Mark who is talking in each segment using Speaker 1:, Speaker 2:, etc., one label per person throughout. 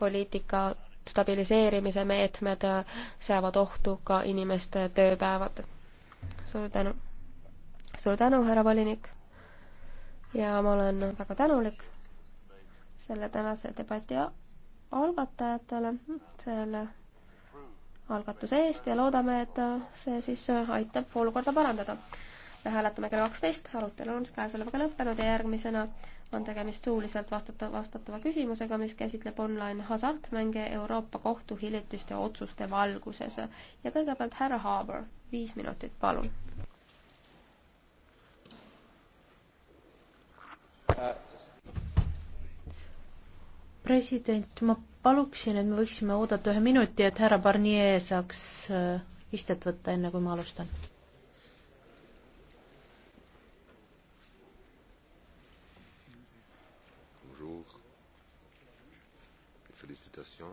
Speaker 1: poliitika stabiliseerimise meetmed seavad ohtu ka inimeste tööpäevad. suur tänu. suur tänu, härra volinik. ja ma olen väga tänulik selle tänase debati algatajatele, selle algatuse eest ja loodame, et see siis aitab olukorda parandada hääletame kell kaksteist, arutelu on käesolevaga lõppenud ja järgmisena on tegemist suuliselt vastata, vastatava küsimusega, mis käsitleb online hasartmänge Euroopa Kohtu hiljutiste otsuste valguses. ja kõigepealt härra Haabor, viis minutit, palun.
Speaker 2: president, ma paluksin, et me võiksime oodata ühe minuti, et härra Barnier saaks äh, istet võtta, enne kui ma alustan
Speaker 1: Félicitations.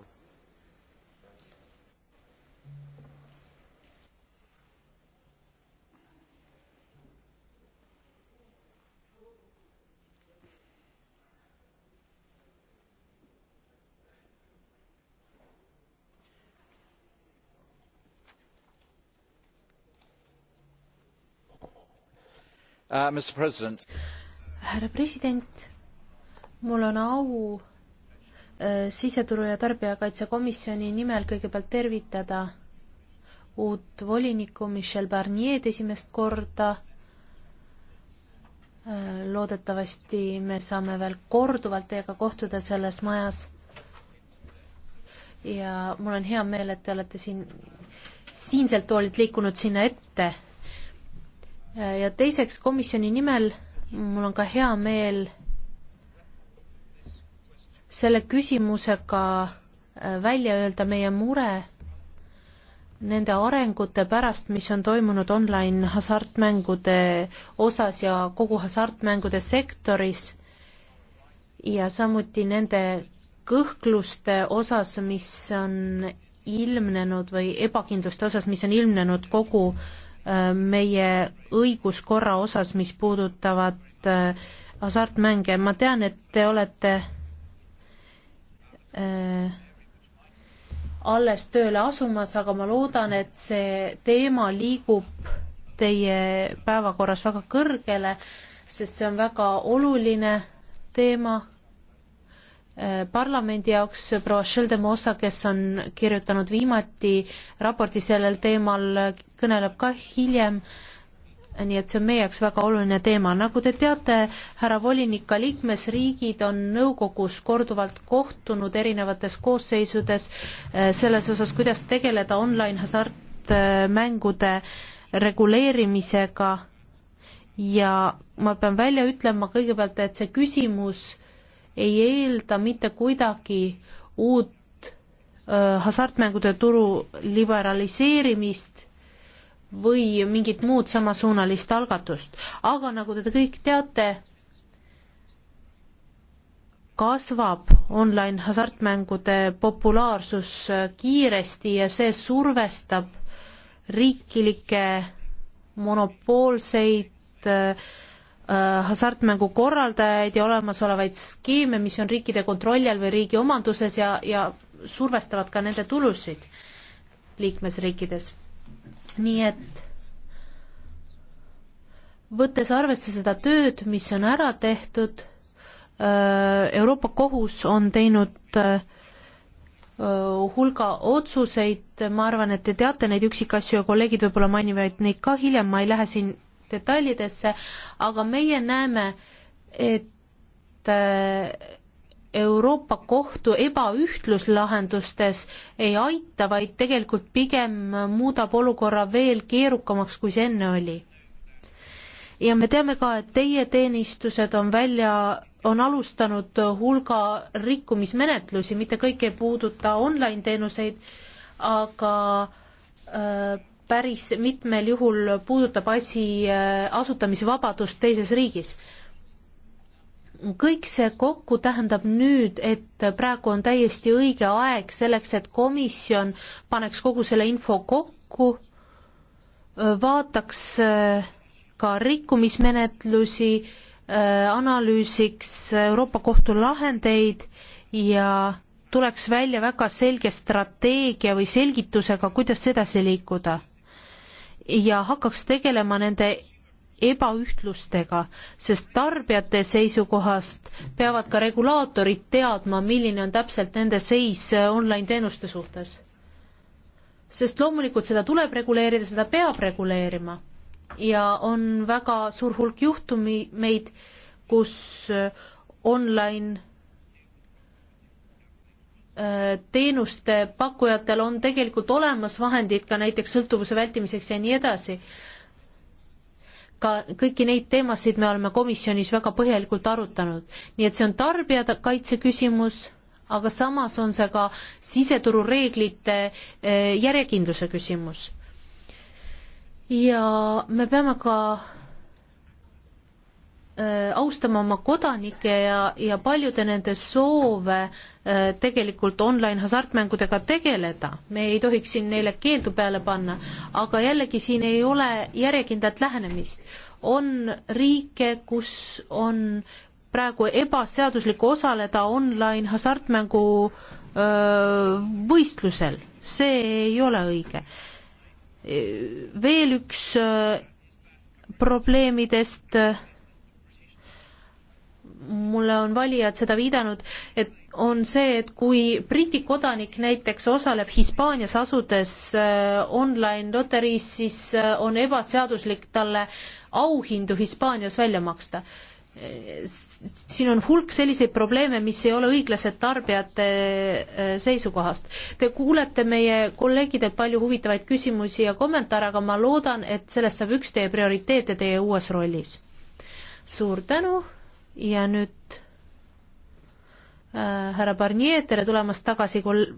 Speaker 3: Uh,
Speaker 2: härra president mul on au siseturu ja tarbijakaitsekomisjoni nimel kõigepealt tervitada uut volinikku Michel Barnier'd esimest korda. loodetavasti me saame veel korduvalt teiega kohtuda selles majas. ja mul on hea meel, et te olete siin, siinselt toolilt liikunud sinna ette. ja teiseks komisjoni nimel mul on ka hea meel selle küsimusega äh, välja öelda meie mure nende arengute pärast, mis on toimunud online hasartmängude osas ja kogu hasartmängude sektoris ja samuti nende kõhkluste osas, mis on ilmnenud või ebakindluste osas, mis on ilmnenud kogu äh, meie õiguskorra osas, mis puudutavad äh, hasartmänge. ma tean, et te olete Äh, alles tööle asumas, aga ma loodan, et see teema liigub teie päevakorras väga kõrgele, sest see on väga oluline teema äh, parlamendi jaoks. proua Schildemosa, kes on kirjutanud viimati raporti sellel teemal, kõneleb ka hiljem äh, nii et see on meie jaoks väga oluline teema. nagu te teate, härra volinik, ka liikmesriigid on nõukogus korduvalt kohtunud erinevates koosseisudes eh, selles osas, kuidas tegeleda online hasartmängude reguleerimisega ja ma pean välja ütlema kõigepealt, et see küsimus ei eelda mitte kuidagi uut eh, hasartmängude turu liberaliseerimist või mingit muud samasuunalist algatust, aga nagu te kõik teate, kasvab online hasartmängude populaarsus kiiresti ja see survestab riiklikke monopoolseid äh, äh hasartmängu korraldajaid ja olemasolevaid skeeme, mis on riikide kontrolli all või riigi omanduses ja, ja survestavad ka nende tulusid liikmesriikides nii et võttes arvesse seda tööd, mis on ära tehtud, äh, Euroopa Kohus on teinud äh, äh, hulga otsuseid, ma arvan, et te teate neid üksikasju ja kolleegid võib-olla mainivad neid ka hiljem, ma ei lähe siin detailidesse, aga meie näeme, et Euroopa Kohtu ebaühtlus lahendustes ei aita, vaid tegelikult pigem muudab olukorra veel keerukamaks, kui see enne oli. ja me teame ka, et teie teenistused on välja, on alustanud hulga rikkumismenetlusi, mitte kõik ei puuduta online teenuseid, aga äh, päris mitmel juhul puudutab asi äh, asutamisvabadust teises riigis kõik see kokku tähendab nüüd, et praegu on täiesti õige aeg selleks, et komisjon paneks kogu selle info kokku, vaataks äh, ka rikkumismenetlusi, äh, analüüsiks Euroopa Kohtu lahendeid ja tuleks välja väga selge strateegia või selgitusega, kuidas edasi liikuda. ja hakkaks tegelema nende ebaühtlustega, sest tarbijate seisukohast peavad ka regulaatorid teadma, milline on täpselt nende seis äh, online-teenuste suhtes. sest loomulikult seda tuleb reguleerida, seda peab reguleerima ja on väga suur hulk juhtumeid, kus äh, online äh, teenuste pakkujatel on tegelikult olemas vahendid ka näiteks sõltuvuse vältimiseks ja nii edasi ka kõiki neid teemasid me oleme komisjonis väga põhjalikult arutanud, nii et see on tarbijakaitse küsimus, aga samas on see ka siseturureeglite eh, järjekindluse küsimus. ja me peame ka Äh, austama oma kodanikke ja, ja paljude nende soove äh, tegelikult online hasartmängudega tegeleda. me ei tohiks siin neile keeldu peale panna, aga jällegi siin ei ole järjekindlat lähenemist. on riike, kus on praegu ebaseaduslik osaleda online hasartmängu öö, äh, võistlusel, see ei ole õige. veel üks öö, probleemidest öö, mulle on valijad seda viidanud, et on see, et kui Briti kodanik näiteks osaleb Hispaanias asudes äh, online loteriis, siis äh, on ebaseaduslik talle auhindu Hispaanias välja maksta. siin on hulk selliseid probleeme, mis ei ole õiglased tarbijate äh, seisukohast. Te kuulete meie kolleegidelt palju huvitavaid küsimusi ja kommentaare, aga ma loodan, et sellest saab üks teie prioriteete teie uues rollis. suur tänu ja nüüd äh, härra Barnier, tere tulemast tagasi kol-,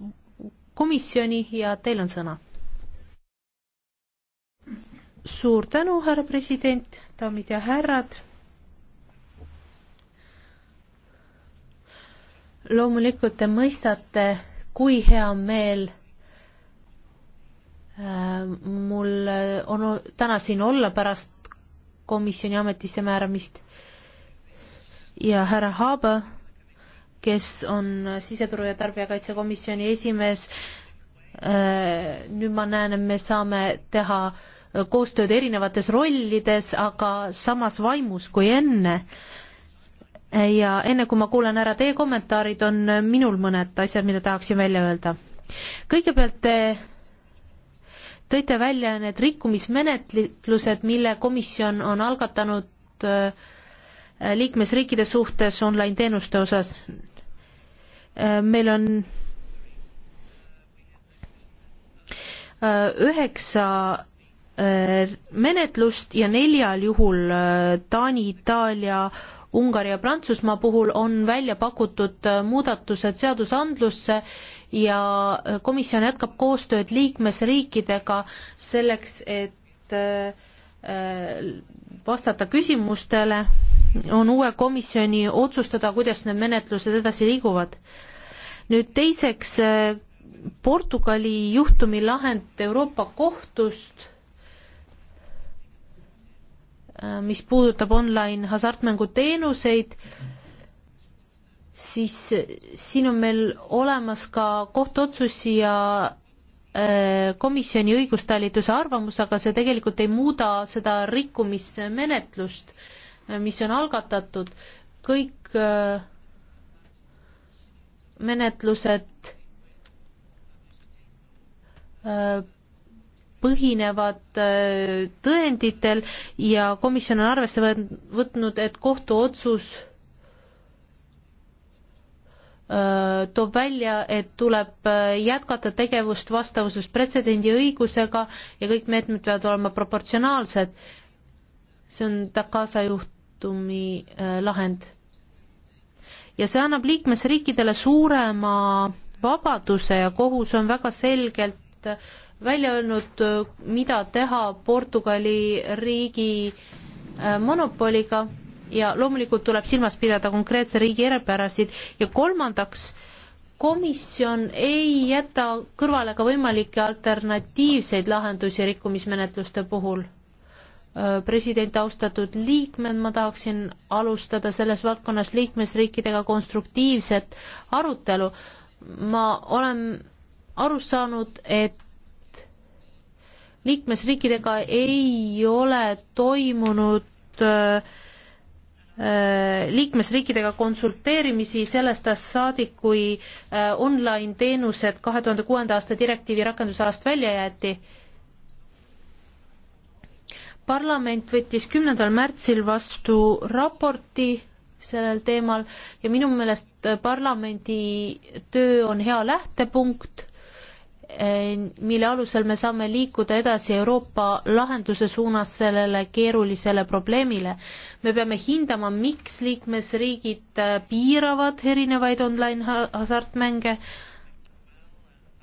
Speaker 2: komisjoni ja teil on sõna. suur tänu, härra president, daamid ja härrad. loomulikult te mõistate, kui hea meel äh, mul on täna siin olla pärast komisjoni ametisse määramist ja härra Haaba, kes on siseturu- ja tarbijakaitsekomisjoni esimees. Äh, nüüd ma näen, et me saame teha koostööd erinevates rollides, aga samas vaimus kui enne. ja enne kui ma kuulan ära teie kommentaarid, on minul mõned asjad, mida tahaksin välja öelda. kõigepealt te tõite välja need rikkumismenetlused, mille komisjon on algatanud äh, Äh, liikmesriikide suhtes online teenuste osas. Äh, meil on äh, üheksa menetlust ja neljal juhul Taani, Itaalia, Ungari ja Prantsusmaa puhul on välja pakutud muudatused seadusandlusse ja komisjon jätkab koostööd liikmesriikidega selleks, et vastata küsimustele on uue komisjoni otsustada, kuidas need menetlused edasi liiguvad. nüüd teiseks, Portugali juhtumi lahend Euroopa Kohtust, mis puudutab online hasartmänguteenuseid, siis siin on meil olemas ka kohtuotsusi ja äh, komisjoni õigustalituse arvamus, aga see tegelikult ei muuda seda rikkumismenetlust mis on algatatud, kõik äh, menetlused äh, põhinevad äh, tõenditel ja komisjon on arvesse võtnud, et kohtuotsus toob välja, et tuleb jätkata tegevust vastavuses pretsedendi õigusega ja kõik meetmed peavad olema proportsionaalsed see on Dakasa juhtumi äh, lahend. ja see annab liikmesriikidele suurema vabaduse ja kohus on väga selgelt äh, välja öelnud, äh, mida teha Portugali riigi monopoliga ja loomulikult tuleb silmas pidada konkreetse riigi eripärasid ja kolmandaks, komisjon ei jäta kõrvale ka võimalikke alternatiivseid lahendusi rikkumismenetluste puhul Äh, president, austatud liikmed, ma tahaksin alustada selles valdkonnas liikmesriikidega konstruktiivset arutelu. ma olen aru saanud, et liikmesriikidega ei ole toimunud äh, äh, liikmesriikidega konsulteerimisi sellest ajast saadik, kui online teenused kahe tuhande kuuenda aasta direktiivi rakendusalast välja jäeti parlament võttis kümnendal märtsil vastu raporti sellel teemal ja minu meelest parlamendi töö on hea lähtepunkt, eh, mille alusel me saame liikuda edasi Euroopa lahenduse suunas sellele keerulisele probleemile. me peame hindama, miks liikmesriigid eh, piiravad erinevaid online hasartmänge.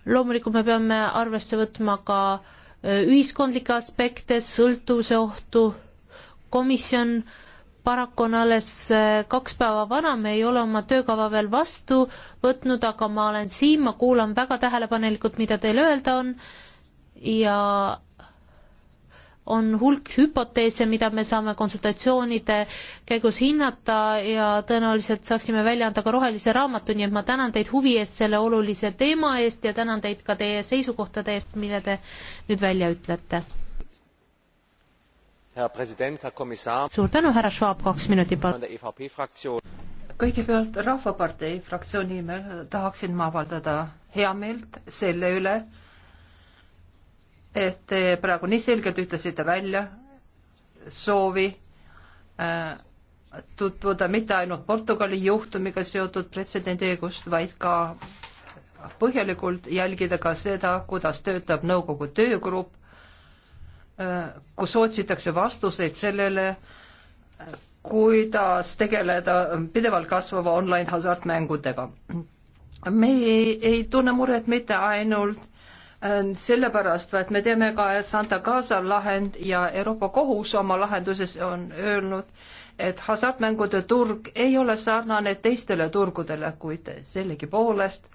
Speaker 2: loomulikult me peame arvesse võtma ka äh, Äh, ühiskondlikke aspekte, sõltuvuse ohtu. komisjon paraku on alles äh, kaks päeva vana, me ei ole oma töökava veel vastu võtnud, aga ma olen siin, ma kuulan väga tähelepanelikult, mida teil öelda on ja on hulk hüpoteese, mida me saame konsultatsioonide käigus hinnata ja tõenäoliselt saaksime välja anda ka rohelise raamatu, nii et ma tänan teid huvi eest selle olulise teema eest ja tänan teid ka teie seisukohtade eest, mille te nüüd välja ütlete. suur
Speaker 4: tänu, härra Schwab, kaks minutit palun
Speaker 2: e
Speaker 4: kõigepealt Rahvapartei fraktsiooni nimel tahaksin ma avaldada heameelt selle üle, et te praegu nii selgelt ütlesite välja soovi äh, tutvuda mitte ainult Portugali juhtumiga seotud pretsedendiõigust, vaid ka põhjalikult jälgida ka seda, kuidas töötab nõukogu töögrupp, äh, kus otsitakse vastuseid sellele, äh, kuidas tegeleda pidevalt kasvava online hasartmängudega. me ei, ei tunne muret mitte ainult Äh, sellepärast, et me teame ka, et Santa Casa lahend ja Euroopa Kohus oma lahenduses on öelnud, et hasartmängude turg ei ole sarnane teistele turgudele, kuid sellegipoolest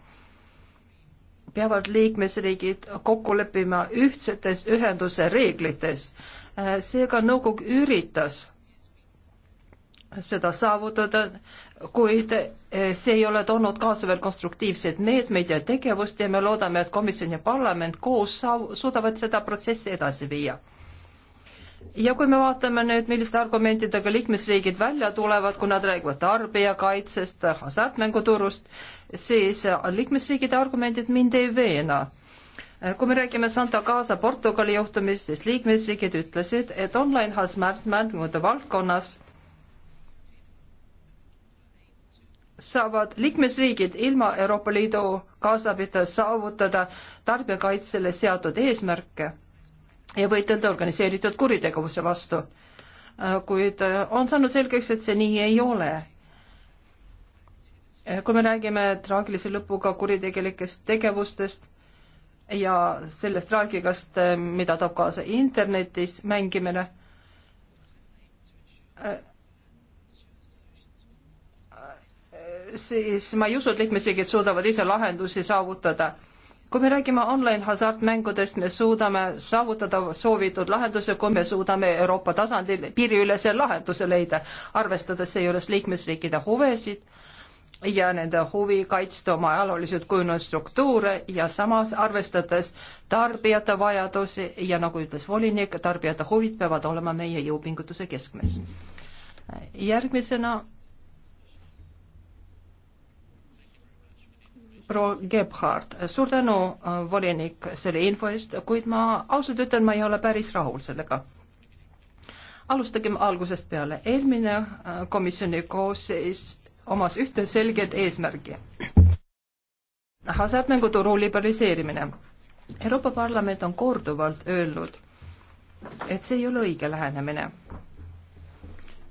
Speaker 4: peavad liikmesriigid kokku leppima ühtsetes ühenduse reeglites. Äh, seega nõukogu üritas seda saavutada, kuid eh, see ei ole toonud kaasa veel konstruktiivseid meetmeid ja tegevust ja me loodame, et komisjon ja parlament koos saav-, suudavad seda protsessi edasi viia. ja kui me vaatame nüüd, milliste argumentidega liikmesriigid välja tulevad, kui nad räägivad tarbijakaitsest, hasartmänguturust, siis liikmesriigide argumendid mind ei veena kui me räägime Santa Casa Portugali juhtumist, siis liikmesriigid ütlesid, et online hasartmängude valdkonnas saavad liikmesriigid ilma Euroopa Liidu kaasabita saavutada tarbijakaitsele seatud eesmärke ja võidelda organiseeritud kuritegevuse vastu. Äh, kuid äh, on saanud selgeks, et see nii ei ole. Äh, kui me räägime traagilise lõpuga kuritegelikest tegevustest ja sellest traagikast, mida toob kaasa internetis mängimine, siis ma ei usu, et liikmesriigid suudavad ise lahendusi saavutada. kui me räägime online hasartmängudest, me suudame saavutada soovitud lahenduse, kui me suudame Euroopa tasandil piiriülese lahenduse leida, arvestades seejuures liikmesriikide huvesid ja nende huvi kaitsta oma ajalooliselt kujunenud struktuure ja samas arvestades tarbijate vajadusi ja nagu ütles volinik, tarbijate huvid peavad olema meie jõupingutuse keskmes. järgmisena proua Gebhard, suur tänu, äh, volinik, selle info eest, kuid ma ausalt ütlen, ma ei ole päris rahul sellega. alustagem algusest peale. eelmine äh, komisjoni koosseis omas ühte selget eesmärgi. hasartmänguturu liberaliseerimine. Euroopa Parlament on korduvalt öelnud, et see ei ole õige lähenemine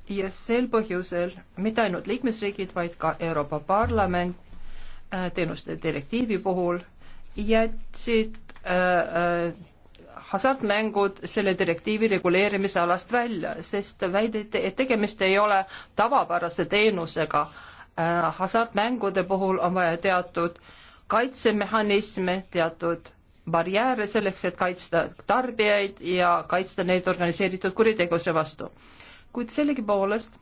Speaker 4: ja sel põhjusel mitte ainult liikmesriigid, vaid ka Euroopa Parlament Äh, teenuste direktiivi puhul jätsid äh, äh hasartmängud selle direktiivi reguleerimise alast välja, sest väideti, et tegemist ei ole tavapärase teenusega äh,. hasartmängude puhul on vaja teatud kaitsemehhanisme, teatud barjääre selleks, et kaitsta tarbijaid ja kaitsta neid organiseeritud kuritegevuse vastu. kuid sellegipoolest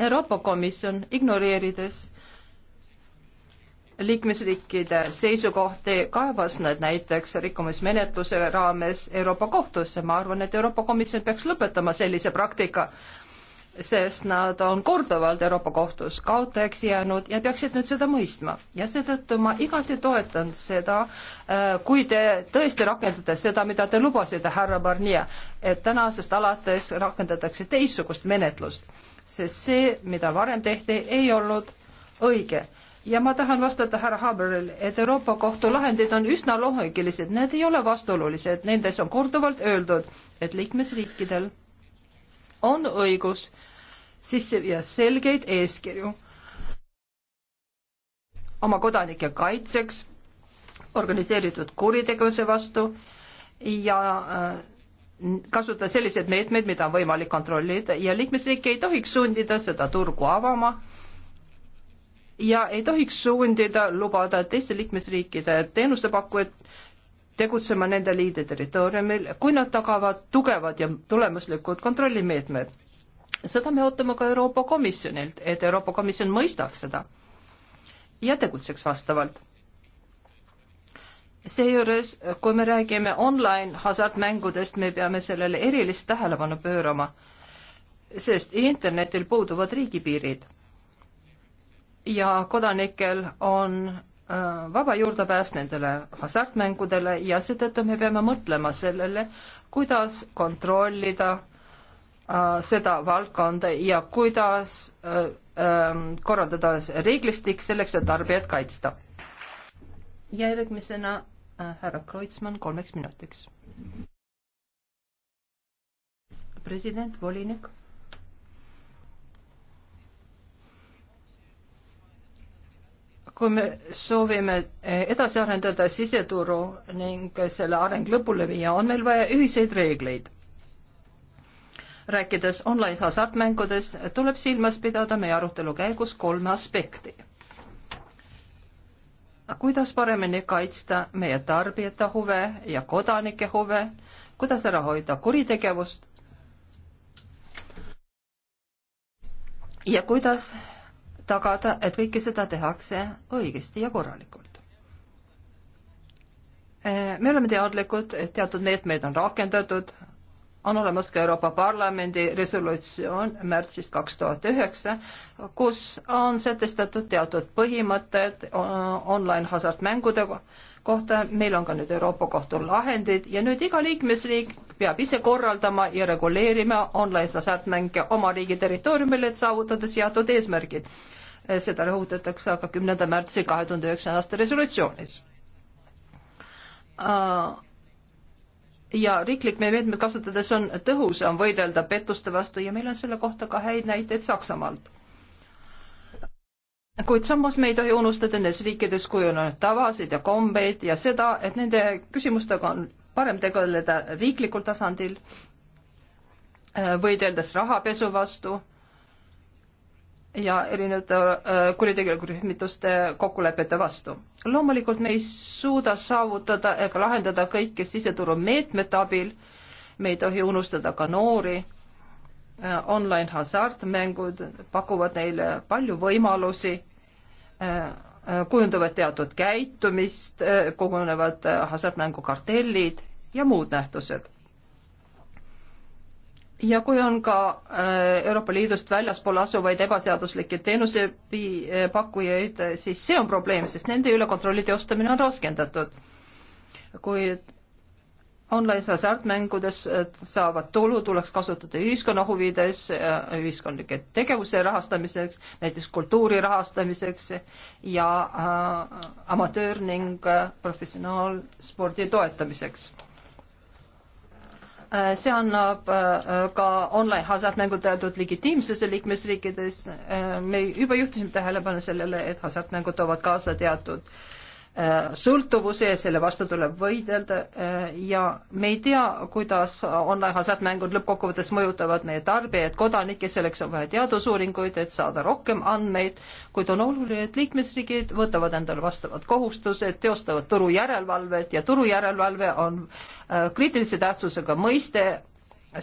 Speaker 4: Euroopa Komisjon ignoreerides liikmesriikide seisukohti, kaebas nad näiteks rikkumismenetluse raames Euroopa Kohtusse. ma arvan, et Euroopa Komisjon peaks lõpetama sellise praktika, sest nad on korduvalt Euroopa Kohtus kaotajaks jäänud ja peaksid nüüd seda mõistma. ja seetõttu ma igati toetan seda, äh, kui te tõesti rakendate seda, mida te lubasite, härra Barnier, et tänasest alates rakendatakse teistsugust menetlust, sest see, mida varem tehti, ei olnud õige ja ma tahan vastata härra Haberil, et Euroopa Kohtu lahendid on üsna loogilised, need ei ole vastuolulised, nendes on korduvalt öeldud, et liikmesriikidel on õigus sisse viia selgeid eeskirju oma kodanike kaitseks organiseeritud kuritegevuse vastu ja äh, kasutada selliseid meetmeid, mida on võimalik kontrollida ja liikmesriik ei tohiks sundida seda turgu avama ja ei tohiks sundida lubada teiste liikmesriikide teenusepakkujad tegutsema nende liidu territooriumil, kui nad tagavad tugevad ja tulemuslikud kontrollimeetmed. seda me ootame ka Euroopa Komisjonilt, et Euroopa Komisjon mõistaks seda ja tegutseks vastavalt. seejuures, kui me räägime online hasartmängudest, me peame sellele erilist tähelepanu pöörama, sest internetil puuduvad riigipiirid ja kodanikel on äh, vaba juurdepääs nendele hasartmängudele ja seetõttu me peame mõtlema sellele, kuidas kontrollida äh, seda valdkonda ja kuidas äh, ähm, korraldada reeglistik selleks, et tarbijat kaitsta. ja järgmisena härra Kreutzmann kolmeks minutiks. president, volinik kui me soovime eh, edasi arendada siseturu ning selle areng lõpule viia, on meil vaja ühiseid reegleid. rääkides online hasartmängudest, tuleb silmas pidada meie arutelu käigus kolme aspekti. kuidas paremini kaitsta meie tarbijate huve ja kodanike huve, kuidas ära hoida kuritegevust ja kuidas tagada, et kõike seda tehakse õigesti ja korralikult. Eh, me oleme teadlikud, et teatud meetmeid on rakendatud, on olemas ka Euroopa Parlamendi resolutsioon märtsist kaks tuhat üheksa, kus on sätestatud teatud põhimõtted online hasartmängude kohta, meil on ka nüüd Euroopa Kohtu lahendid ja nüüd iga liikmesriik peab ise korraldama ja reguleerima online hasartmänge oma riigi territooriumil, et saavutada seatud eesmärgid. seda rõhutatakse aga kümnenda märtsi kahe tuhande üheksanda aasta resolutsioonis äh, ja riiklikke meetmeid kasutades on tõhusam võidelda pettuste vastu ja meil on selle kohta ka häid näiteid Saksamaalt. kuid samas me ei tohi unustada nendes riikides kujunenud tavasid ja kombeid ja seda, et nende küsimustega on parem tegeleda riiklikul tasandil, äh, võideldes rahapesu vastu ja erinevate äh, kuritegelike rühmituste kokkulepete vastu. loomulikult me ei suuda saavutada ega lahendada kõike siseturu meetmete abil, me ei tohi unustada ka noori, äh, online hasartmängud pakuvad neile palju võimalusi kujundavad teatud käitumist, kogunevad hasartmängukartellid ja muud nähtused. ja kui on ka äh, Euroopa Liidust väljaspool asuvaid ebaseaduslikke teenusepakkujaid, siis see on probleem, sest nende üle kontrolli teostamine on raskendatud. kuid online-hasartmängudes saavad tulu tuleks kasutada ühiskonna huvides, äh, ühiskondlike tegevuse rahastamiseks, näiteks kultuuri rahastamiseks ja äh, amatöör ning äh, professionaalspordi toetamiseks äh,. see annab äh, ka online-hasartmängud teatud legitiimsuse liikmesriikides äh,. me juba juhtisime tähelepanu sellele, et hasartmängud toovad kaasa teatud äh, Äh, sõltuvuse ja selle vastu tuleb võidelda äh, ja me ei tea, kuidas online-hasartmängud lõppkokkuvõttes mõjutavad meie tarbijaid, kodanikke, selleks on vaja teadusuuringuid, et saada rohkem andmeid, kuid on oluline, et liikmesriigid võtavad endale vastavad kohustused, teostavad turujärelevalvet ja turujärelevalve on äh, kriitilise tähtsusega mõiste,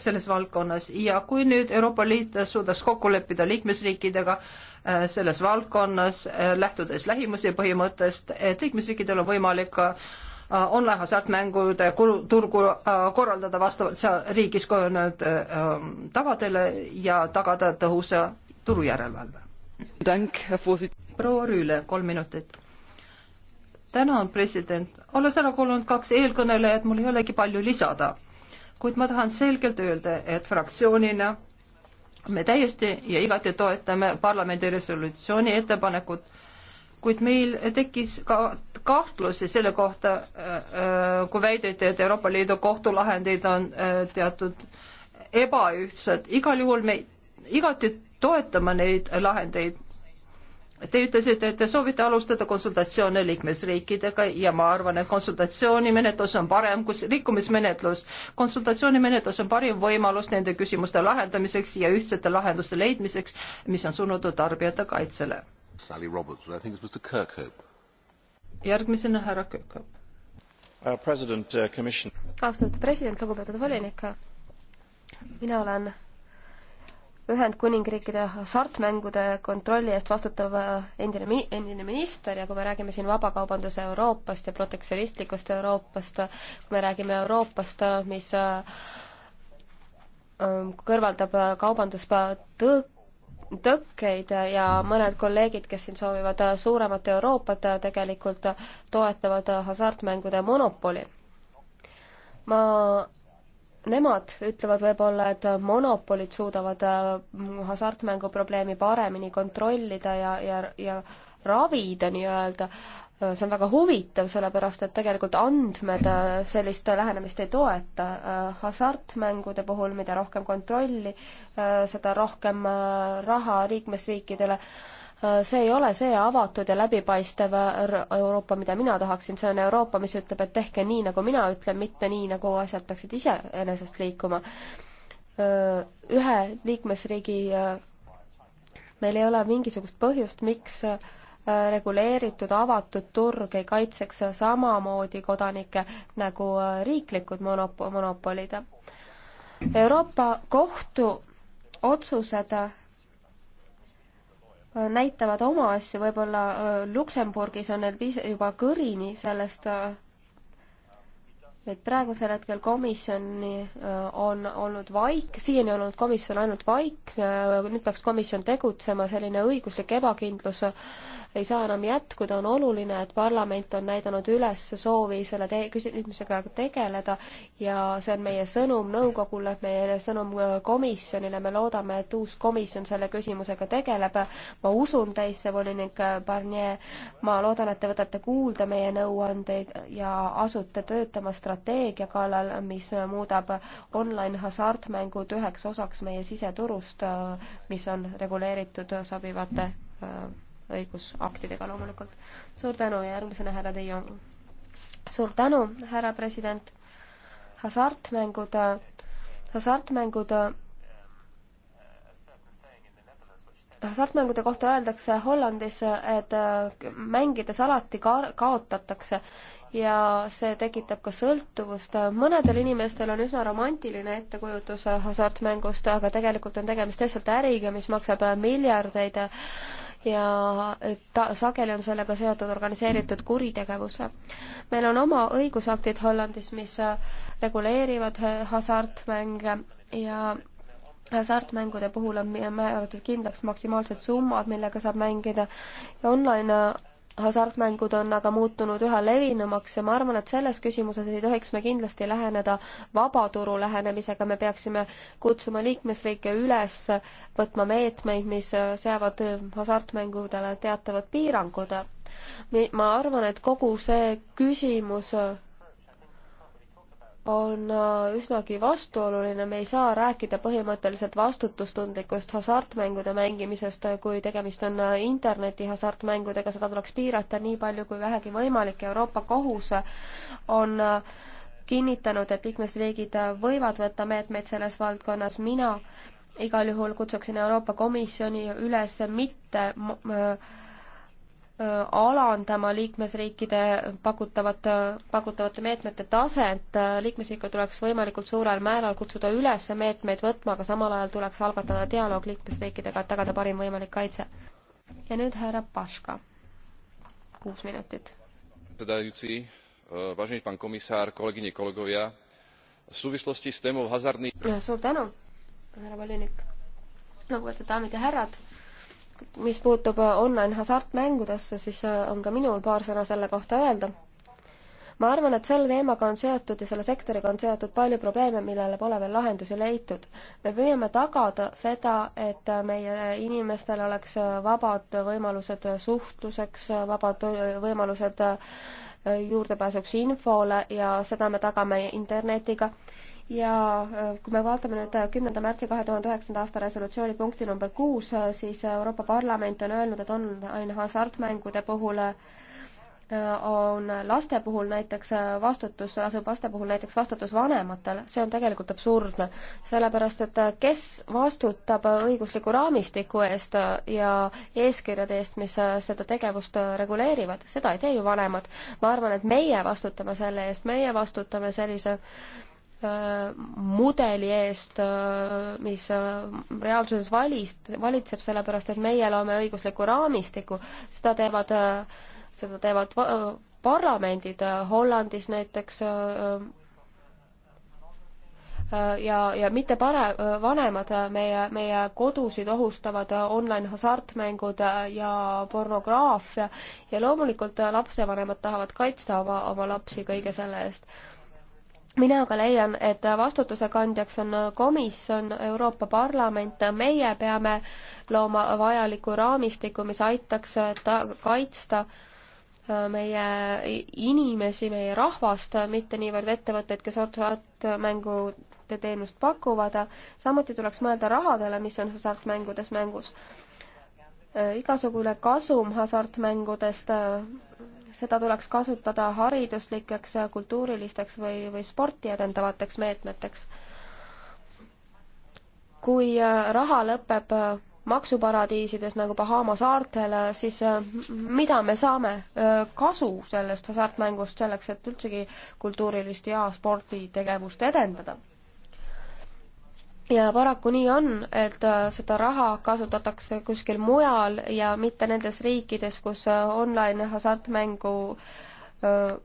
Speaker 4: selles valdkonnas ja kui nüüd Euroopa Liit suudaks kokku leppida liikmesriikidega äh, Äh, selles valdkonnas, äh, lähtudes lähimuse põhimõttest, et liikmesriikidel on võimalik äh, online hasartmängude turgu korraldada vastavalt seal riigis kujunenud tavadele ja tagada tõhusa turujärelevalve. proua Rüüle, kolm minutit. tänan, president. olles ära kuulanud kaks eelkõnelejat, mul ei olegi palju lisada, kuid ma tahan selgelt öelda, et fraktsioonina me täiesti ja igati toetame parlamendi resolutsiooni ettepanekut, kuid meil tekkis ka kahtlusi selle kohta, äh, äh, kui väideti, et Euroopa Liidu kohtulahendid on äh, teatud ebaühtsed. igal juhul me igati toetame neid lahendeid. Te ütlesite, et te soovite alustada konsultatsioone liikmesriikidega ja ma arvan, et konsultatsioonimenetlus on parem kui rikkumismenetlus. konsultatsioonimenetlus on parim võimalus nende küsimuste lahendamiseks ja ühtsete lahenduste leidmiseks, mis on suunatud tarbijate kaitsele. järgmisena härra Kirkhope. Uh, uh,
Speaker 1: austatud president uh,, uh, lugupeetud volinik, mina olen Ühendkuningriikide hasartmängude kontrolli eest vastutav äh, endine, endine minister ja kui me räägime siin vabakaubanduse Euroopast ja protektsionistlikust Euroopast, kui me räägime Euroopast, mis äh, ähm, kõrvaldab äh, kaubandustõkkeid, tõkkeid ja mõned kolleegid, kes siin soovivad suuremat Euroopat, tegelikult toetavad hasartmängude monopoli. ma nemad ütlevad võib-olla, et monopolid suudavad äh, hasartmänguprobleemi paremini kontrollida ja, ja, ja ravida nii-öelda, äh, see on väga huvitav, sellepärast et tegelikult andmed äh, sellist lähenemist ei toeta. hasartmängude puhul, mida rohkem kontrolli, seda rohkem raha liikmesriikidele Äh, see ei ole see avatud ja läbipaistev äh, Euroopa, mida mina tahaksin, see on Euroopa, mis ütleb, et tehke nii, nagu mina ütlen, mitte nii, nagu asjad peaksid iseenesest liikuma. Äh, ühe liikmesriigi, meil ei ole mingisugust põhjust, miks reguleeritud avatud turg ei kaitseks samamoodi kodanikke nagu riiklikud monop-, monopolid. Euroopa Kohtu otsused näitavad oma asju, võib-olla äh, Luksemburgis on neil juba kõrini sellest äh, et praegusel hetkel komisjoni äh, on olnud vaik, siiani on olnud komisjon ainult vaik, äh, nüüd peaks komisjon tegutsema, selline õiguslik ebakindlus äh, ei saa enam jätkuda, on oluline, et parlament on näidanud üles soovi selle te-, küsimusega tegeleda ja see on meie sõnum nõukogule, meie sõnum komisjonile, me loodame, et uus komisjon selle küsimusega tegeleb. ma usun teisse, volinik Barnier, ma loodan, et te võtate kuulda meie nõuandeid ja asute töötama strateegiliselt strateegia kallal, mis muudab online hasartmängud üheks osaks meie siseturust, mis on reguleeritud sobivate äh, õigusaktidega loomulikult. suur tänu ja järgmisena härra Teie. suur tänu, härra president. hasartmängud, hasartmängud hasartmängude kohta öeldakse Hollandis, et äh, mängides alati ka-, kaotatakse ja see tekitab ka sõltuvust. mõnedel inimestel on üsna romantiline ettekujutus hasartmängust, aga tegelikult on tegemist lihtsalt äriga, mis maksab miljardeid ja ta, sageli on sellega seotud organiseeritud kuritegevus. meil on oma õigusaktid Hollandis, mis reguleerivad hasartmänge ja hasartmängude puhul on määratud kindlaks maksimaalsed summad, millega saab mängida ja online hasartmängud on aga muutunud üha levinumaks ja ma arvan, et selles küsimuses ei tohiks me kindlasti läheneda vabaturu lähenemisega, me peaksime kutsuma liikmesriike üles võtma meetmeid, mis seavad hasartmängudele teatavad piirangud. ma arvan, et kogu see küsimus on äh, üsnagi vastuoluline, me ei saa rääkida põhimõtteliselt vastutustundlikust hasartmängude mängimisest, äh, kui tegemist on äh, interneti hasartmängudega, seda tuleks piirata nii palju kui vähegi võimalik, Euroopa Kohus on kinnitanud, et liikmesriigid võivad võtta meetmeid selles valdkonnas, mina igal juhul kutsuksin Euroopa Komisjoni üles mitte Äh, alandama liikmesriikide pakutavate, äh, pakutavate meetmete taset, äh, liikmesriike tuleks võimalikult suurel määral kutsuda üles meetmeid võtma, aga samal ajal tuleks algatada dialoog liikmesriikidega, et tagada parim võimalik kaitse. ja nüüd härra Paška, kuus minutit.
Speaker 5: Vážený pán komisár, kolegyne, kolegovia, v súvislosti s témou hazardných...
Speaker 1: Suur tänu, härra volinik. Lugupeetud daamid ja härrad mis puutub online hasartmängudesse, siis äh, on ka minul paar sõna selle kohta öelda. ma arvan, et selle teemaga on seotud ja selle sektoriga on seotud palju probleeme, millele pole veel lahendusi leitud. me püüame tagada seda, et meie inimestel oleks vabad võimalused suhtluseks, vabad võimalused äh, juurdepääsuks infole ja seda me tagame internetiga ja äh, kui me vaatame nüüd äh, kümnenda märtsi kahe tuhande üheksanda aasta resolutsiooni punkti number kuus, äh, siis Euroopa Parlament on öelnud, et online hasartmängude puhul on laste puhul näiteks vastutus, lasub laste puhul näiteks vastutus vanematel, see on tegelikult absurdne. sellepärast, et kes vastutab õigusliku raamistiku eest ja eeskirjade eest, mis seda tegevust reguleerivad, seda ei tee ju vanemad. ma arvan, et meie vastutame selle eest, meie vastutame sellise mudeli eest, mis reaalsuses valist, valitseb, sellepärast et meie loome õigusliku raamistiku, seda teevad, seda teevad parlamendid Hollandis näiteks ja, ja mitte pare-, vanemad, meie, meie kodusid ohustavad online hasartmängud ja pornograafia ja loomulikult lapsevanemad tahavad kaitsta oma, oma lapsi kõige selle eest mina aga leian, et vastutuse kandjaks on komisjon, Euroopa Parlament, meie peame looma vajaliku raamistiku, mis aitaks ta-, kaitsta äh, meie inimesi, meie rahvast, mitte niivõrd ettevõtteid, kes hasartmängude teenust pakuvad, samuti tuleks mõelda rahadele, mis on hasartmängudes mängus. Äh, igasugune kasum hasartmängudest äh, seda tuleks kasutada hariduslikeks, kultuurilisteks või, või sporti edendavateks meetmeteks. kui äh, raha lõpeb äh, maksuparadiisides nagu Bahama saartel, siis äh, mida me saame kasu sellest hasartmängust selleks, et üldsegi kultuurilist ja sporditegevust edendada? ja paraku nii on, et äh, seda raha kasutatakse kuskil mujal ja mitte nendes riikides, kus äh, online hasartmängu äh,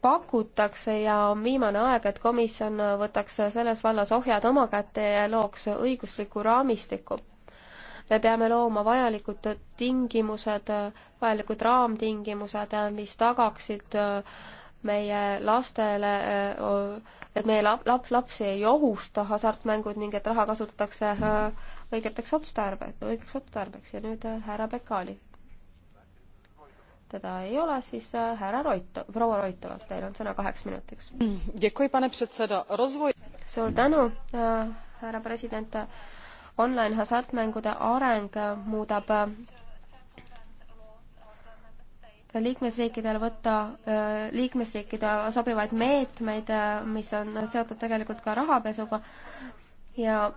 Speaker 1: pakutakse ja on viimane aeg, et komisjon võtaks selles vallas ohjad oma kätte ja looks õigusliku raamistiku. me peame looma vajalikud tingimused, vajalikud raamtingimused, mis tagaksid meie lastele et meie lap-, lap-, lapsi ei ohusta hasartmängud ning et raha kasutatakse äh, õigeteks otstarbe, õigeks otstarbeks ja nüüd äh, härra Bekali. teda ei ole, siis äh, härra Roito-, proua Roitova, teil on sõna kaheks minutiks. suur tänu, härra president. online hasartmängude areng muudab liikmesriikidel võtta äh, liikmesriikide sobivaid meetmeid, äh, mis on seotud tegelikult ka rahapesuga ja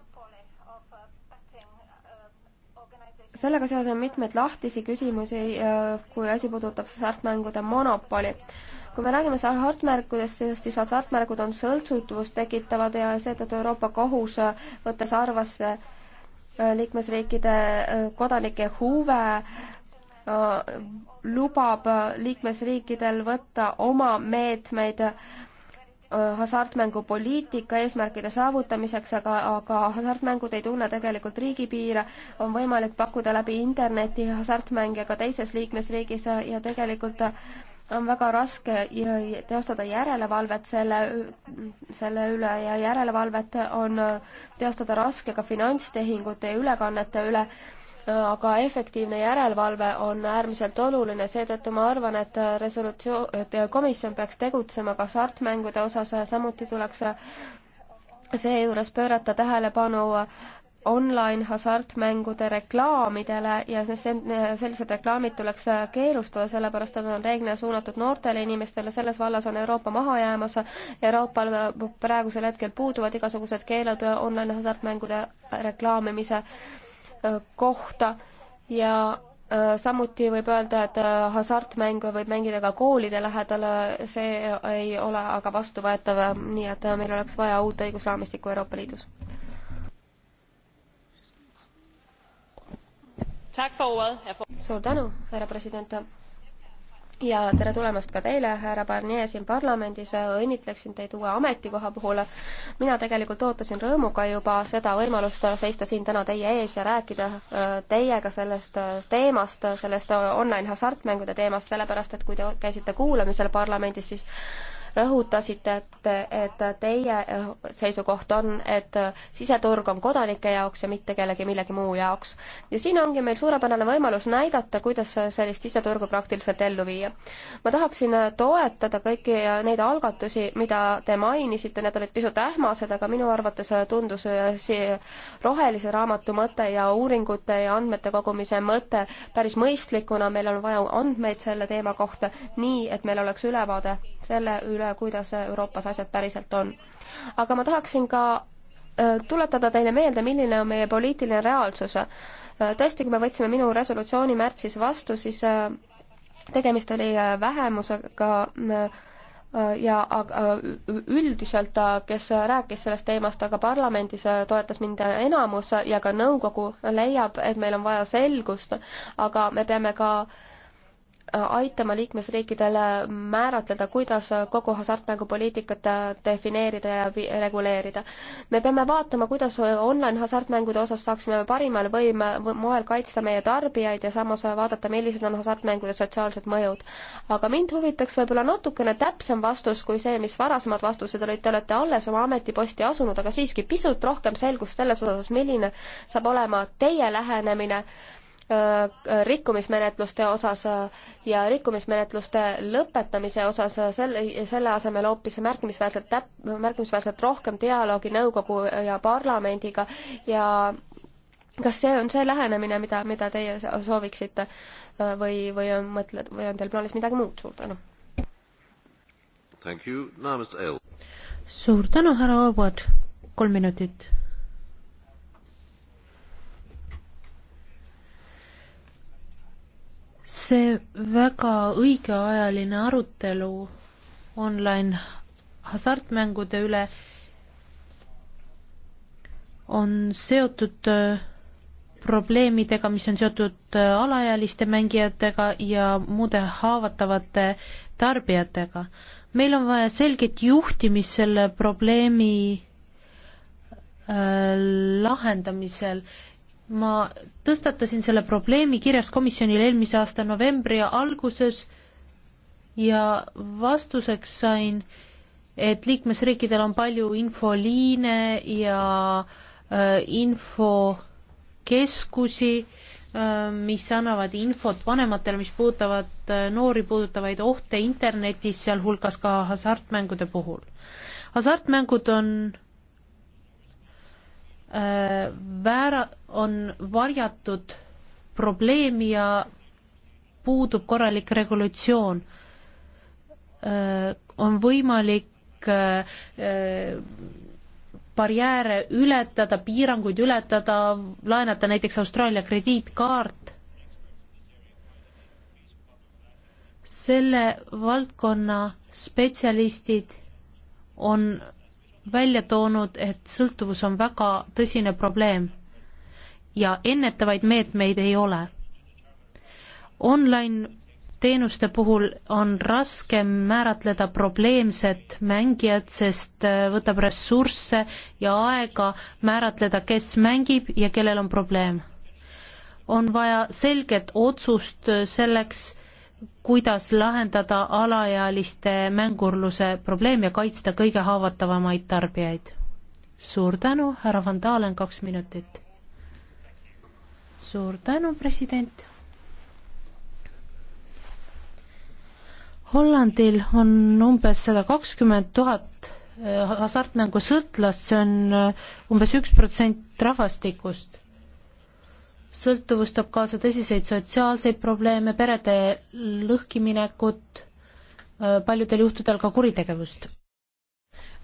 Speaker 1: sellega seoses on mitmeid lahtisi küsimusi, äh, kui asi puudutab hasartmängude monopoli. kui me räägime hasartmängudest, siis hasartmängud on sõltsutust tekitavad ja seetõttu Euroopa Kohus, võttes arvesse liikmesriikide kodanike huve, Äh, lubab liikmesriikidel võtta oma meetmeid äh, hasartmängupoliitika eesmärkide saavutamiseks, aga, aga hasartmängud ei tunne tegelikult riigipiire, on võimalik pakkuda läbi interneti hasartmänge ka teises liikmesriigis ja tegelikult on väga raske teostada järelevalvet selle, selle üle ja järelevalvet on teostada raske ka finantstehingute ja ülekannete üle aga efektiivne järelevalve on äärmiselt oluline, seetõttu ma arvan, et resolutsioon, et komisjon peaks tegutsema ka sartmängude osas, samuti tuleks seejuures pöörata tähelepanu online hasartmängude reklaamidele ja sellised reklaamid tuleks keelustada, sellepärast et nad on reeglina suunatud noortele inimestele, selles vallas on Euroopa maha jäämas. Euroopal praegusel hetkel puuduvad igasugused keelud online hasartmängude reklaamimise äh, Äh, kohta ja äh, samuti võib öelda, et äh, hasartmänge võib mängida ka koolide lähedal, see ei ole aga vastuvõetav, nii et meil oleks vaja uut õigusraamistikku Euroopa Liidus. suur tänu, härra president ja tere tulemast ka teile, härra Barnier siin parlamendis, õnnitleksin teid uue ametikoha puhul. mina tegelikult ootasin rõõmuga juba seda võimalust seista siin täna teie ees ja rääkida äh, teiega sellest äh, teemast, sellest online hasartmängude teemast, sellepärast et kui te käisite kuulamisel parlamendis, siis rõhutasite, et, et teie eh, seisukoht on, et siseturg on kodanike jaoks ja mitte kellegi millegi muu jaoks. ja siin ongi meil suurepärane võimalus näidata, kuidas sellist siseturgu praktiliselt ellu viia. ma tahaksin toetada kõiki neid algatusi, mida te mainisite, need olid pisut ähmased, aga minu arvates tundus see rohelise raamatu mõte ja uuringute ja andmete kogumise mõte päris mõistlikuna, meil on vaja andmeid selle teema kohta, nii et meil oleks ülevaade selle üle, üle, kuidas Euroopas asjad päriselt on. aga ma tahaksin ka äh, tuletada teile meelde, milline on meie poliitiline reaalsus. Äh, tõesti, kui me võtsime minu resolutsiooni märtsis vastu, siis äh, tegemist oli vähemusega ja üldiselt, kes rääkis sellest teemast, aga parlamendis toetas mind enamus ja ka nõukogu leiab, et meil on vaja selgust, aga me peame ka äh, aitama liikmesriikidel määratleda, kuidas kogu hasartmängupoliitikat defineerida ja reguleerida. me peame vaatama, kuidas online hasartmängude osas saaksime parimal võim-, moel kaitsta meie tarbijaid ja samas vaadata, millised on hasartmängude sotsiaalsed mõjud. aga mind huvitaks võib-olla natukene täpsem vastus kui see, mis varasemad vastused olid, te olete alles oma ametiposti asunud, aga siiski pisut rohkem selgust selles osas, milline saab olema teie lähenemine äh, Äh, rikkumismenetluste osas äh, ja rikkumismenetluste lõpetamise osas äh, selle, selle asemel hoopis märkimisväärselt täp-, märkimisväärselt rohkem dialoogi nõukogu ja parlamendiga ja kas see on see lähenemine, mida, mida teie sooviksite või, või on mõtled, või on teil plaanis midagi muud, suur tänu?
Speaker 2: suur tänu, härra Aabad, kolm minutit see väga õigeajaline arutelu online hasartmängude üle on seotud äh, probleemidega, mis on seotud äh, alaealiste mängijatega ja muude haavatavate tarbijatega. meil on vaja selget juhtimist selle probleemi äh, lahendamisel ma tõstatasin selle probleemi kirjas komisjonile eelmise aasta novembri alguses ja vastuseks sain, et liikmesriikidel on palju infoliine ja äh, infokeskusi äh,, mis annavad infot vanematele, mis puudutavad äh, noori puudutavaid ohte internetis, sealhulgas ka hasartmängude puhul. hasartmängud on Äh, väära-, on varjatud probleem ja puudub korralik regulatsioon. Äh, on võimalik äh, barjääre ületada, piiranguid ületada, laenata näiteks Austraalia krediitkaart. selle valdkonna spetsialistid on välja toonud, et sõltuvus on väga tõsine probleem ja ennetavaid meetmeid ei ole. Online teenuste puhul on raske määratleda probleemset mängijat, sest äh, võtab ressursse ja aega määratleda, kes mängib ja kellel on probleem. on vaja selget otsust äh, selleks, kuidas lahendada alaealiste mängurluse probleem ja kaitsta kõige haavatavamaid tarbijaid. suur tänu, härra Van Dalen, kaks minutit. suur tänu, president. Hollandil on umbes sada kakskümmend tuhat eh, hasartmängusõltlast, see on eh, umbes üks protsent rahvastikust sõltuvus toob kaasa tõsiseid sotsiaalseid probleeme, perede lõhkiminekut, äh, paljudel juhtudel ka kuritegevust.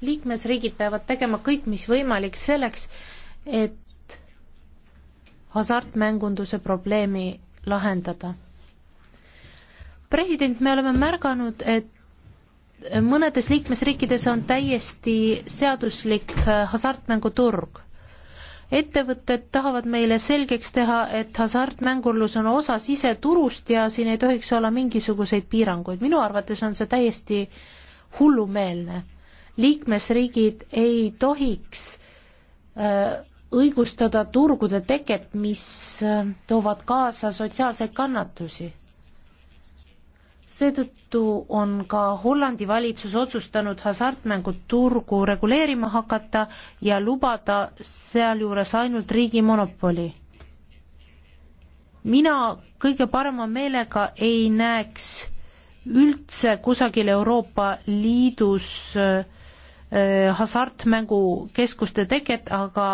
Speaker 2: liikmesriigid peavad tegema kõik, mis võimalik selleks, et hasartmängunduse probleemi lahendada. president, me oleme märganud, et mõnedes liikmesriikides on täiesti seaduslik äh, hasartmänguturg ettevõtted tahavad meile selgeks teha, et hasartmängurlus on osa siseturust ja siin ei tohiks olla mingisuguseid piiranguid. minu arvates on see täiesti hullumeelne. liikmesriigid ei tohiks äh, õigustada turgude teket, mis äh, toovad kaasa sotsiaalseid kannatusi seetõttu on ka Hollandi valitsus otsustanud hasartmänguturgu reguleerima hakata ja lubada sealjuures ainult riigi monopoli. mina kõige parema meelega ei näeks üldse kusagil Euroopa Liidus äh, hasartmängukeskuste teket, aga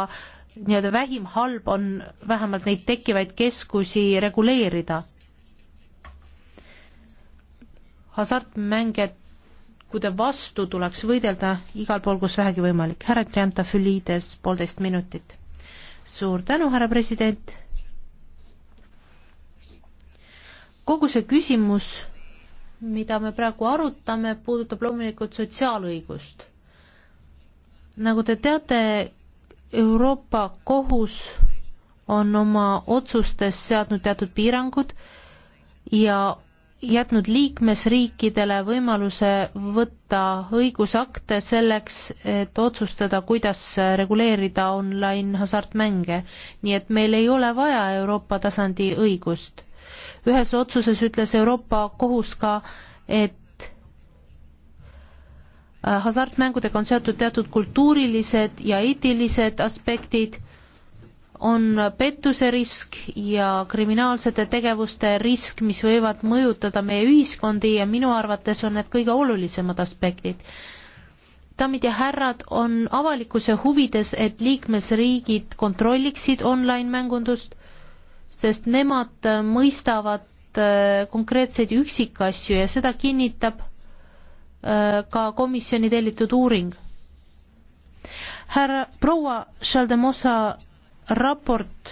Speaker 2: nii-öelda vähim halb on vähemalt neid tekkivaid keskusi reguleerida hasartmänge kude vastu tuleks võidelda igal pool, kus vähegi võimalik. härra Triantafülides, poolteist minutit. suur tänu, härra president. kogu see küsimus, mida me praegu arutame, puudutab loomulikult sotsiaalõigust. nagu te teate, Euroopa Kohus on oma otsustes seadnud teatud piirangud ja jätnud liikmesriikidele võimaluse võtta õigusakte selleks, et otsustada, kuidas reguleerida online hasartmänge. nii et meil ei ole vaja Euroopa tasandi õigust. ühes otsuses ütles Euroopa Kohus ka, et äh, hasartmängudega on seotud teatud kultuurilised ja eetilised aspektid on pettuse risk ja kriminaalsete tegevuste risk, mis võivad mõjutada meie ühiskondi ja minu arvates on need kõige olulisemad aspektid. daamid ja härrad, on avalikkuse huvides, et liikmesriigid kontrolliksid online-mängundust, sest nemad mõistavad äh, konkreetseid üksikasju ja seda kinnitab äh, ka komisjoni tellitud uuring. härra proua Chaldemosa raport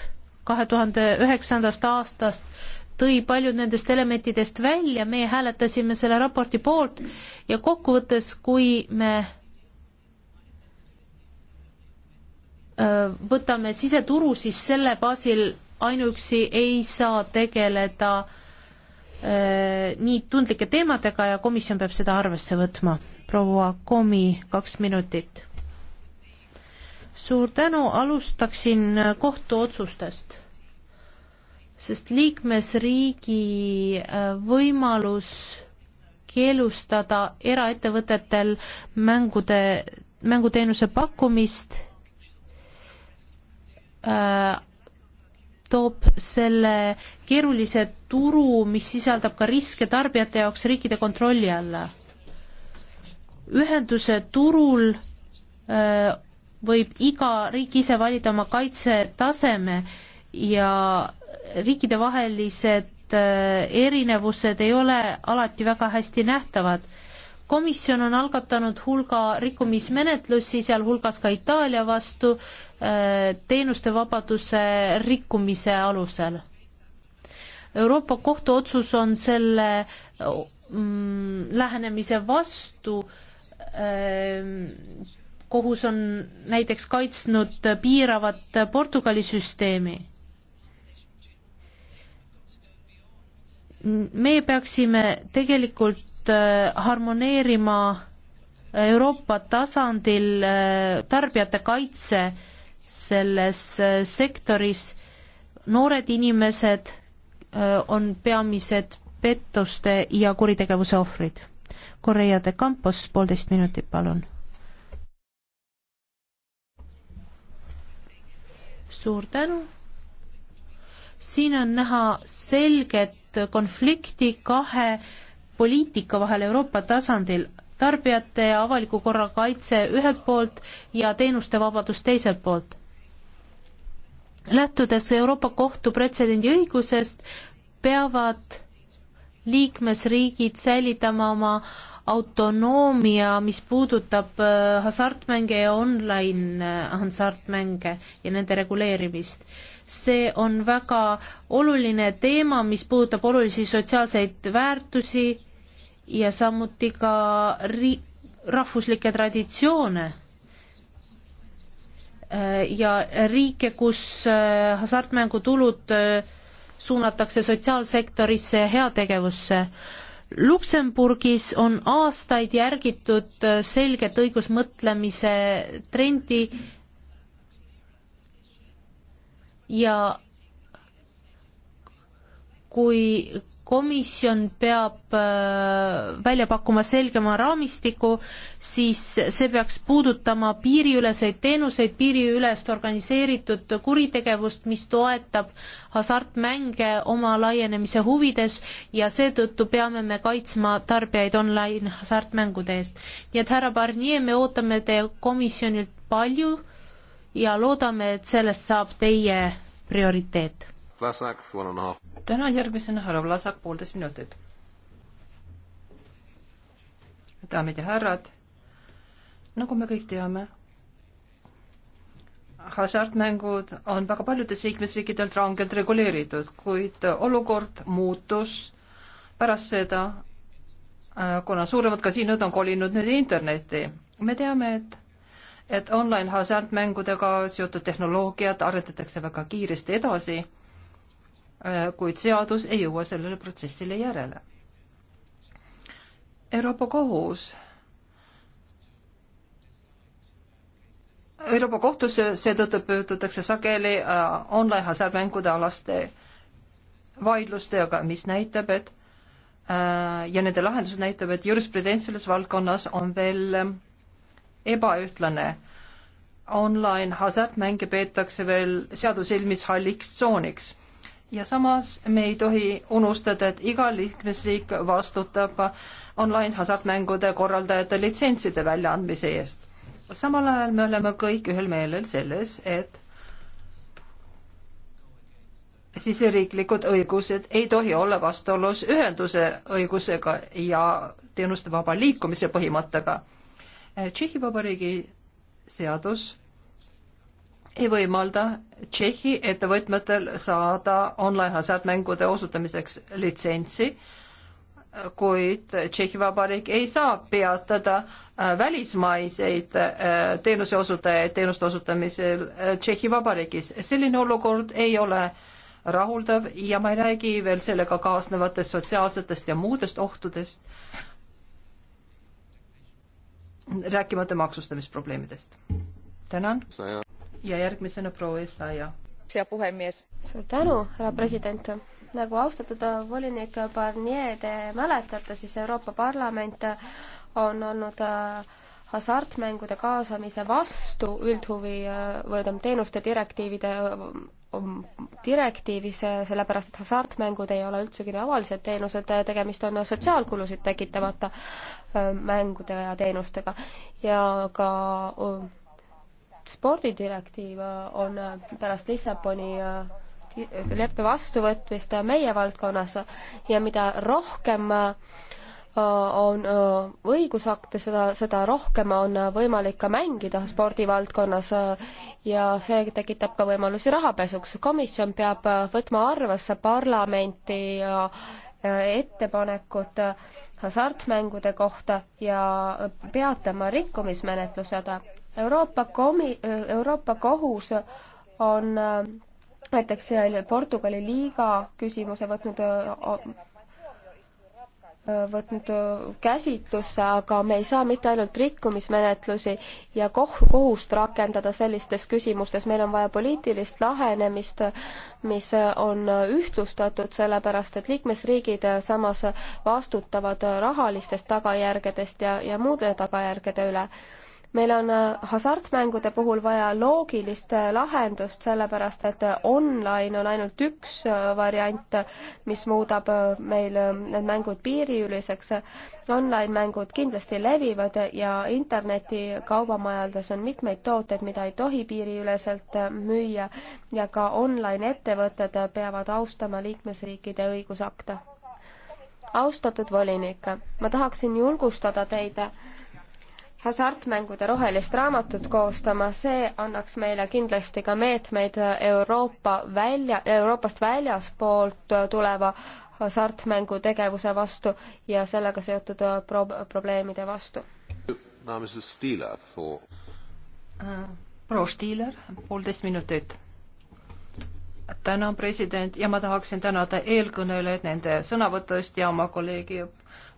Speaker 2: kahe tuhande üheksandast aastast tõi paljud nendest elementidest välja, meie hääletasime selle raporti poolt ja kokkuvõttes, kui me äh, võtame siseturu, siis selle baasil ainuüksi ei saa tegeleda äh, nii tundlike teemadega ja komisjon peab seda arvesse võtma. proua Komi, kaks minutit suur tänu, alustaksin kohtuotsustest, sest liikmesriigi äh, võimalus keelustada eraettevõtetel mängude, mänguteenuse pakkumist äh, toob selle keerulise turu, mis sisaldab ka riske tarbijate jaoks riikide kontrolli alla. ühenduse turul öö, äh, võib iga riik ise valida oma kaitsetaseme ja riikidevahelised äh, erinevused ei ole alati väga hästi nähtavad. komisjon on algatanud hulga rikkumismenetlusi, sealhulgas ka Itaalia vastu äh, teenustevabaduse rikkumise alusel. Euroopa Kohtu otsus on selle mm, lähenemise vastu äh, kohus on näiteks kaitsnud piiravat Portugali süsteemi. me peaksime tegelikult äh, harmoneerima äh, Euroopa tasandil äh, tarbijate kaitse selles sektoris. noored inimesed on peamised pettuste ja kuritegevuse ohvrid. Korea de Campos, poolteist minutit, palun suur tänu. siin on näha selget konflikti kahe poliitika vahel Euroopa tasandil, tarbijate ja avaliku korra kaitse ühelt poolt ja teenuste vabadus teiselt poolt. lähtudes Euroopa Kohtu pretsedendi õigusest, peavad liikmesriigid säilitama oma äh, autonoomia, mis puudutab äh, hasartmänge ja online äh, hasartmänge ja nende reguleerimist. see on väga oluline teema, mis puudutab olulisi sotsiaalseid väärtusi ja samuti ka ri-, rahvuslikke traditsioone äh, ja riike, kus hasartmängutulud suunatakse sotsiaalsektorisse ja heategevusse Luksemburgis on aastaid järgitud äh, selget õigusmõtlemise trendi ja kui komisjon peab äh, välja pakkuma selgema raamistiku, siis see peaks puudutama piiriüleseid teenuseid, piiriülest organiseeritud kuritegevust, mis toetab hasartmänge oma laienemise huvides ja seetõttu peame me kaitsma tarbijaid online hasartmängude eest. nii et härra Barnier, me ootame teie komisjonilt palju ja loodame, et sellest saab teie prioriteet.
Speaker 4: Vlasak, one and a half tänan, järgmisena härra Vlasak, poolteist minutit. daamid ja härrad, nagu me kõik teame, hasartmängud on väga paljudes liikmesriikidelt rangelt reguleeritud, kuid olukord muutus pärast seda, äh, kuna suuremad kasiinod on kolinud nüüd internetti. me teame, et, et online hasartmängudega seotud tehnoloogiat arendatakse väga kiiresti edasi Äh, kuid seadus ei jõua sellele protsessile järele. Euroopa Kohus Euroopa kohtusse seetõttu pöördutakse sageli äh, online hasartmängude alaste vaidlustega, mis näitab, et äh, ja nende lahendus näitab, et jurisprudents selles valdkonnas on veel ebaühtlane. Online hasartmänge peetakse veel seadusilmis halliks tsooniks ja samas me ei tohi unustada, et iga liikmesriik vastutab online hasartmängude korraldajate litsentside väljaandmise eest. samal ajal me oleme kõik ühel meelel selles, et siseriiklikud õigused ei tohi olla vastuolus ühenduse õigusega ja teenuste vaba liikumise põhimõttega. Tšehhi Vabariigi seadus ei võimalda Tšehhi ettevõtmetel saada online hasartmängude osutamiseks litsentsi, kuid Tšehhi Vabariik ei saa peatada äh, välismaiseid äh, teenuseosutajaid teenuste osutamisel äh, Tšehhi Vabariigis. selline olukord ei ole rahuldav ja ma ei räägi veel sellega kaasnevatest sotsiaalsetest ja muudest ohtudest, rääkimata maksustamisprobleemidest. tänan ja järgmisena proua Essaja.
Speaker 1: suur tänu, härra president nagu austatud volinik Barnier, te mäletate, siis Euroopa Parlament on olnud äh, hasartmängude kaasamise vastu üldhuvi äh, või ütleme, teenuste direktiivide äh, um, direktiivis, sellepärast et hasartmängud ei ole üldsegi tavalised teenused, tegemist on sotsiaalkulusid tekitavate mängude ja teenustega ja ka spordidirektiiv on pärast Lissaboni äh, leppe vastuvõtmist meie valdkonnas ja mida rohkem äh, on äh, õigusakte, seda, seda rohkem on võimalik ka mängida spordivaldkonnas ja see tekitab ka võimalusi rahapesuks. komisjon peab võtma arvesse parlamenti ja ettepanekut hasartmängude kohta ja peatama rikkumismenetlused Euroopa komi-, Euroopa Kohus on äh, näiteks Portugali liiga küsimuse võtnud äh, võtnud äh, käsitlusse, aga me ei saa mitte ainult rikkumismenetlusi ja koh-, kohust rakendada sellistes küsimustes, meil on vaja poliitilist lahenemist, mis on ühtlustatud, sellepärast et liikmesriigid samas vastutavad rahalistest tagajärgedest ja, ja muude tagajärgede üle meil on äh, hasartmängude puhul vaja loogilist äh, lahendust, sellepärast et äh, online on ainult üks variant, mis muudab meil need mängud piiriüliseks. Online-mängud kindlasti levivad ja internetikaubamajades on mitmeid tooteid, mida ei tohi piiriüleselt müüa ja ka online-ettevõtted peavad austama liikmesriikide õigusakte. austatud volinik, ma tahaksin julgustada teid hasartmängude rohelist raamatut koostama, see annaks meile kindlasti ka meetmeid Euroopa välja, Euroopast väljaspoolt tuleva hasartmängutegevuse vastu ja sellega seotud pro-, probleemide vastu.
Speaker 4: Äh, proua Stiiler, poolteist minutit tänan, president, ja ma tahaksin tänada eelkõnelejaid nende sõnavõtust ja oma kolleegi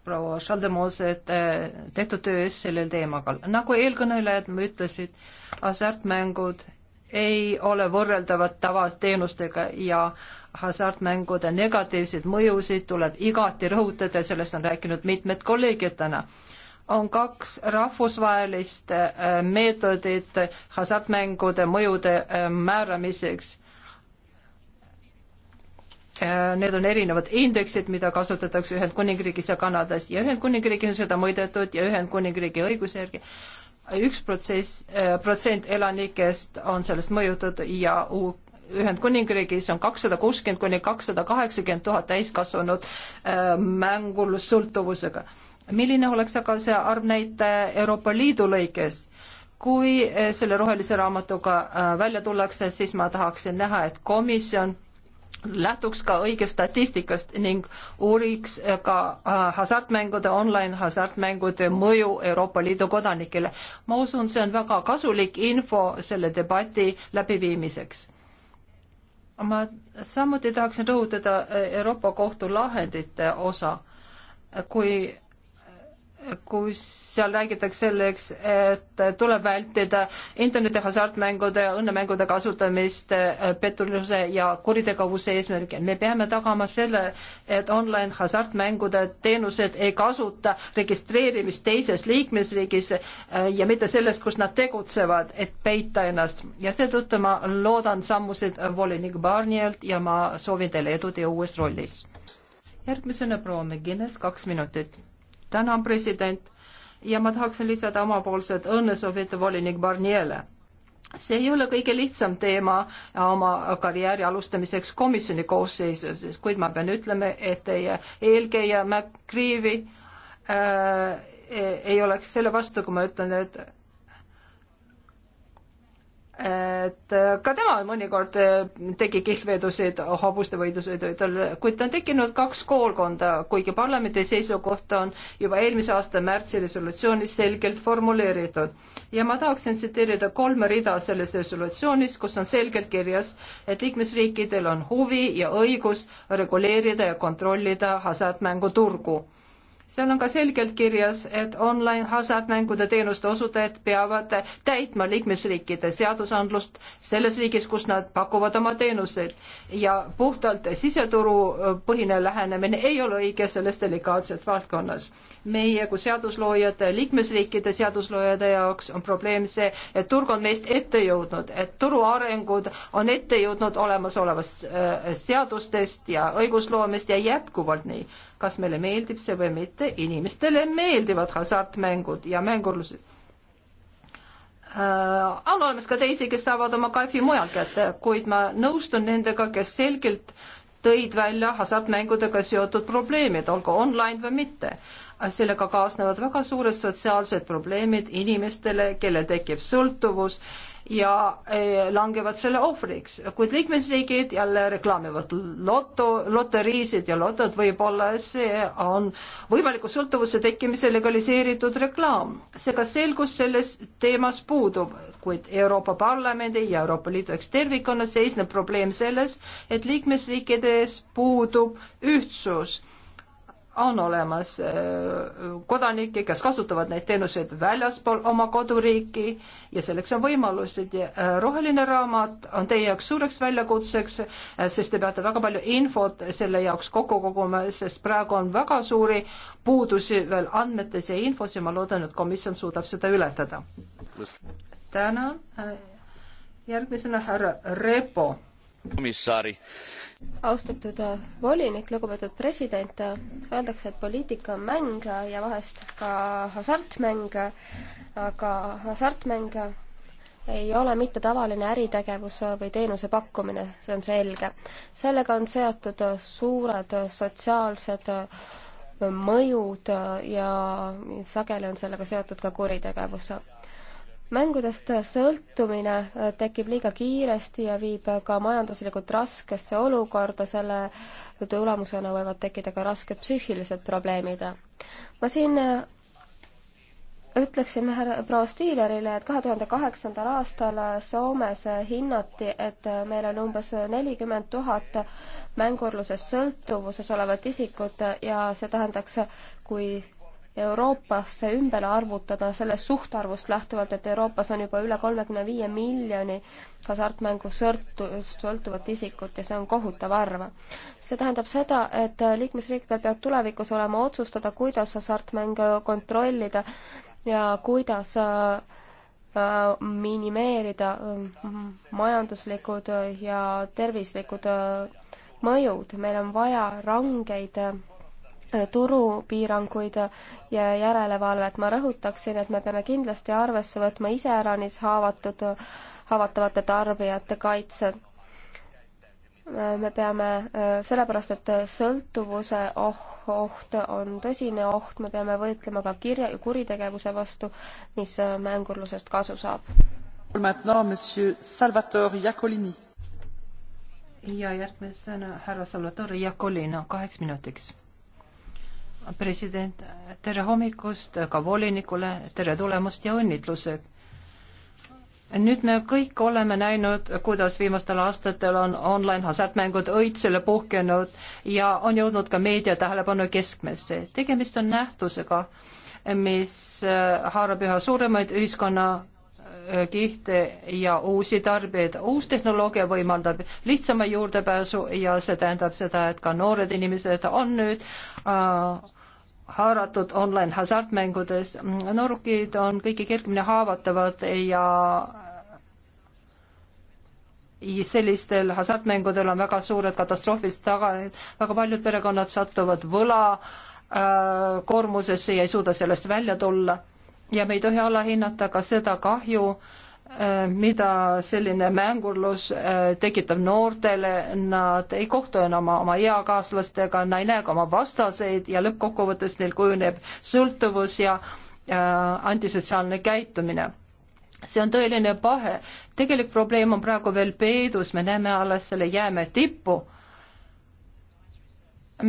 Speaker 4: proua Šaldemoset äh, tehtud töö eest sellel teemaga. nagu eelkõnelejad ütlesid, hasartmängud ei ole võrreldavad tavateenustega ja hasartmängude negatiivseid mõjusid tuleb igati rõhutada, sellest on rääkinud mitmed kolleegid täna on kaks rahvusvahelist äh, meetodit hasartmängude mõjude äh, määramiseks Äh, need on erinevad indeksid, mida kasutatakse Ühendkuningriigis ja Kanadas ja Ühendkuningriigis on seda mõõdetud ja Ühendkuningriigi õiguse järgi üks protsess, äh, protsent elanikest on sellest mõjutatud ja Ühendkuningriigis on kakssada kuuskümmend kuni kakssada kaheksakümmend tuhat täiskasvanut äh, mängulsõltuvusega. milline oleks aga see arvnäitaja Euroopa Liidu lõikes? kui selle rohelise raamatuga välja tullakse, siis ma tahaksin näha, et komisjon lähtuks ka õigest statistikast ning uuriks ka äh, hasartmängude, online hasartmängude mõju Euroopa Liidu kodanikele. ma usun, see on väga kasulik info selle debati läbiviimiseks. ma samuti tahaksin rõhutada äh, Euroopa Kohtu lahendite osa, kui kus seal räägitakse selleks, et tuleb vältida interneti hasartmängude ja õnnemängude kasutamist äh, petturluse ja kuritegevuse eesmärgil. me peame tagama selle, et online hasartmängude teenused ei kasuta registreerimist teises liikmesriigis äh, ja mitte selles, kus nad tegutsevad, et peita ennast. ja seetõttu ma loodan sammusid volinik Barnielt ja ma soovin teile edu teie uues rollis. järgmisena proua McGuinness, kaks minutit tänan, president, ja ma tahaksin lisada omapoolsed õnnesoovid volinik Barnier'le see ei ole kõige lihtsam teema oma karjääri alustamiseks komisjoni koosseisus, kuid ma pean ütlema, et teie eelkäija MacGreevy äh, ei oleks selle vastu, kui ma ütlen, et et äh, ka temal mõnikord äh, tegi kihlvedusid hobuste võidusõidudel, kuid on tekkinud kaks koolkonda, kuigi parlamendi seisukoht on juba eelmise aasta märtsi resolutsioonis selgelt formuleeritud. ja ma tahaksin tsiteerida kolme rida selles resolutsioonis, kus on selgelt kirjas, et liikmesriikidel on huvi ja õigus reguleerida ja kontrollida hasartmänguturgu seal on ka selgelt kirjas, et online hasartmängude teenuste osutajad peavad täitma liikmesriikide seadusandlust selles riigis, kus nad pakuvad oma teenuseid ja puhtalt siseturu põhine lähenemine ei ole õige selles delikaatses valdkonnas meie kui seadusloojad, liikmesriikide seadusloojade jaoks on probleem see, et turg on meist ette jõudnud, et turu arengud on ette jõudnud olemasolevast äh, seadustest ja õigusloomest ja jätkuvalt nii. kas meile meeldib see või mitte, inimestele meeldivad hasartmängud ja mängulused äh, on olemas ka teisi, kes saavad oma kaifi mujal kätte, kuid ma nõustun nendega, kes selgelt tõid välja hasartmängudega seotud probleemid, olgu online või mitte sellega kaasnevad väga suured sotsiaalsed probleemid inimestele, kellel tekib sõltuvus ja eh, langevad selle ohvriks, kuid liikmesriigid jälle reklaamivad loto, loteriisid ja lotod, võib-olla see on võimaliku sõltuvuse tekkimise legaliseeritud reklaam. seega selgus selles teemas puudub, kuid Euroopa Parlamendi ja Euroopa Liidu eks tervikuna seisneb probleem selles, et liikmesriikides puudub ühtsus on olemas äh, kodanikke, kes kasutavad neid teenuseid väljaspool oma koduriiki ja selleks on võimalused ja äh, roheline raamat on teie jaoks suureks väljakutseks, äh, sest te peate väga palju infot selle jaoks kokku koguma, sest praegu on väga suuri puudusi veel andmetes ja infos ja ma loodan, et komisjon suudab seda ületada. tänan. järgmisena härra Repo.
Speaker 3: komissaari
Speaker 4: austatud äh, volinik, lugupeetud
Speaker 1: president, äh, öeldakse, et poliitika on mäng ja vahest ka hasartmäng, aga hasartmäng ei ole mitte tavaline äritegevus või teenuse pakkumine, see on selge. sellega on seotud äh, suured sotsiaalsed mõjud ja sageli on sellega seotud ka kuritegevus mängudest sõltumine äh, tekib liiga kiiresti ja viib äh, ka majanduslikult raskesse olukorda, selle tulemusena võivad tekkida ka rasked psüühilised probleemid. ma siin äh, ütleksin härra proua Stiilerile, et kahe tuhande kaheksandal aastal Soomes hinnati, et meil on umbes nelikümmend tuhat mängurluses sõltuvuses olevat isikut ja see tähendaks, kui Euroopasse ümber arvutada sellest suhtarvust lähtuvalt, et Euroopas on juba üle kolmekümne viie miljoni hasartmängu sõltu-, sõltuvat isikut ja see on kohutav arv. see tähendab seda, et liikmesriikidel peab tulevikus olema otsustada, kuidas hasartmänge kontrollida ja kuidas äh, minimeerida äh, majanduslikud ja tervislikud äh, mõjud, meil on vaja rangeid Äh, turupiiranguid ja järelevalvet. ma rõhutaksin, et me peame kindlasti arvesse võtma iseäranis haavatud, haavatavate tarbijate kaitse. Äh, me peame, äh, sellepärast et sõltuvuse oh, oht on tõsine oht, me peame võitlema ka kirja, kuritegevuse vastu, mis mängurlusest kasu saab.
Speaker 4: ja järgmisena härra Salvatore Iacolino kaheks minutiks president, tere hommikust ka volinikule, tere tulemust ja õnnitlused. nüüd me kõik oleme näinud, kuidas viimastel aastatel on online hasartmängud õitsele puhkenud ja on jõudnud ka meedia tähelepanu keskmesse. tegemist on nähtusega, mis äh, haarab üha suuremaid ühiskonna äh, kihte ja uusi tarbijaid. uus tehnoloogia võimaldab lihtsama juurdepääsu ja see tähendab seda, et ka noored inimesed on nüüd äh, haaratud online hasartmängudes. noorukid on kõige kergemini haavatavad ja sellistel hasartmängudel on väga suured katastroofilised tagajärjed, väga paljud perekonnad satuvad võla äh, koormusesse ja ei suuda sellest välja tulla. ja me ei tohi alahinnata ka seda kahju äh,, Äh, mida selline mängurlus äh, tekitab noortele, nad ei kohtu enam oma, oma eakaaslastega, nad ei näe ka oma vastaseid ja lõppkokkuvõttes neil kujuneb sõltuvus ja äh, antisotsiaalne käitumine. see on tõeline pahe. tegelik probleem on praegu veel peidus, me näeme alles selle jäämäe tippu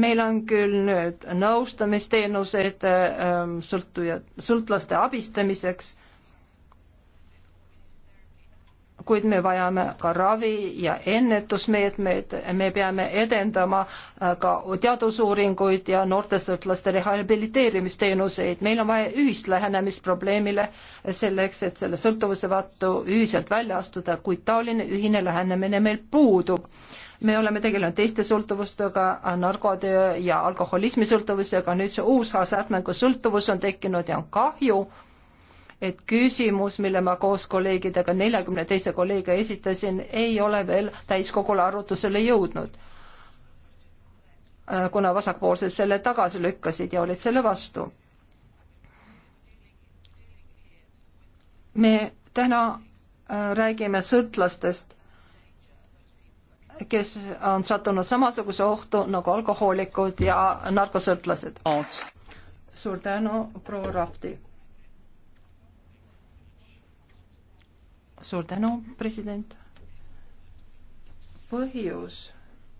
Speaker 4: meil on küll nüüd nõustamisteenused sõltujad, sõltlaste abistamiseks kuid me vajame ka ravi ja ennetusmeetmeid, me peame edendama äh, ka teadusuuringuid ja noortesõltlaste rehabiliteerimisteenuseid, meil on vaja ühist lähenemist probleemile selleks, et selle sõltuvuse vastu ühiselt välja astuda, kuid taoline ühine lähenemine meil puudub me oleme tegelenud teiste sõltuvustega, narkotöö ja alkoholismi sõltuvusega, nüüd see uus hasartmängusõltuvus on tekkinud ja on kahju, et küsimus, mille ma koos kolleegidega, neljakümne teise kolleegiga esitasin, ei ole veel täiskogule arutusele jõudnud. Äh, kuna vasakpoolsed selle tagasi lükkasid ja olid selle vastu. me täna äh, räägime sõltlastest, kes on sattunud samasuguse ohtu nagu alkohoolikud ja narkosõltlased. suur tänu, proua Rahti suur tänu, president. põhjus,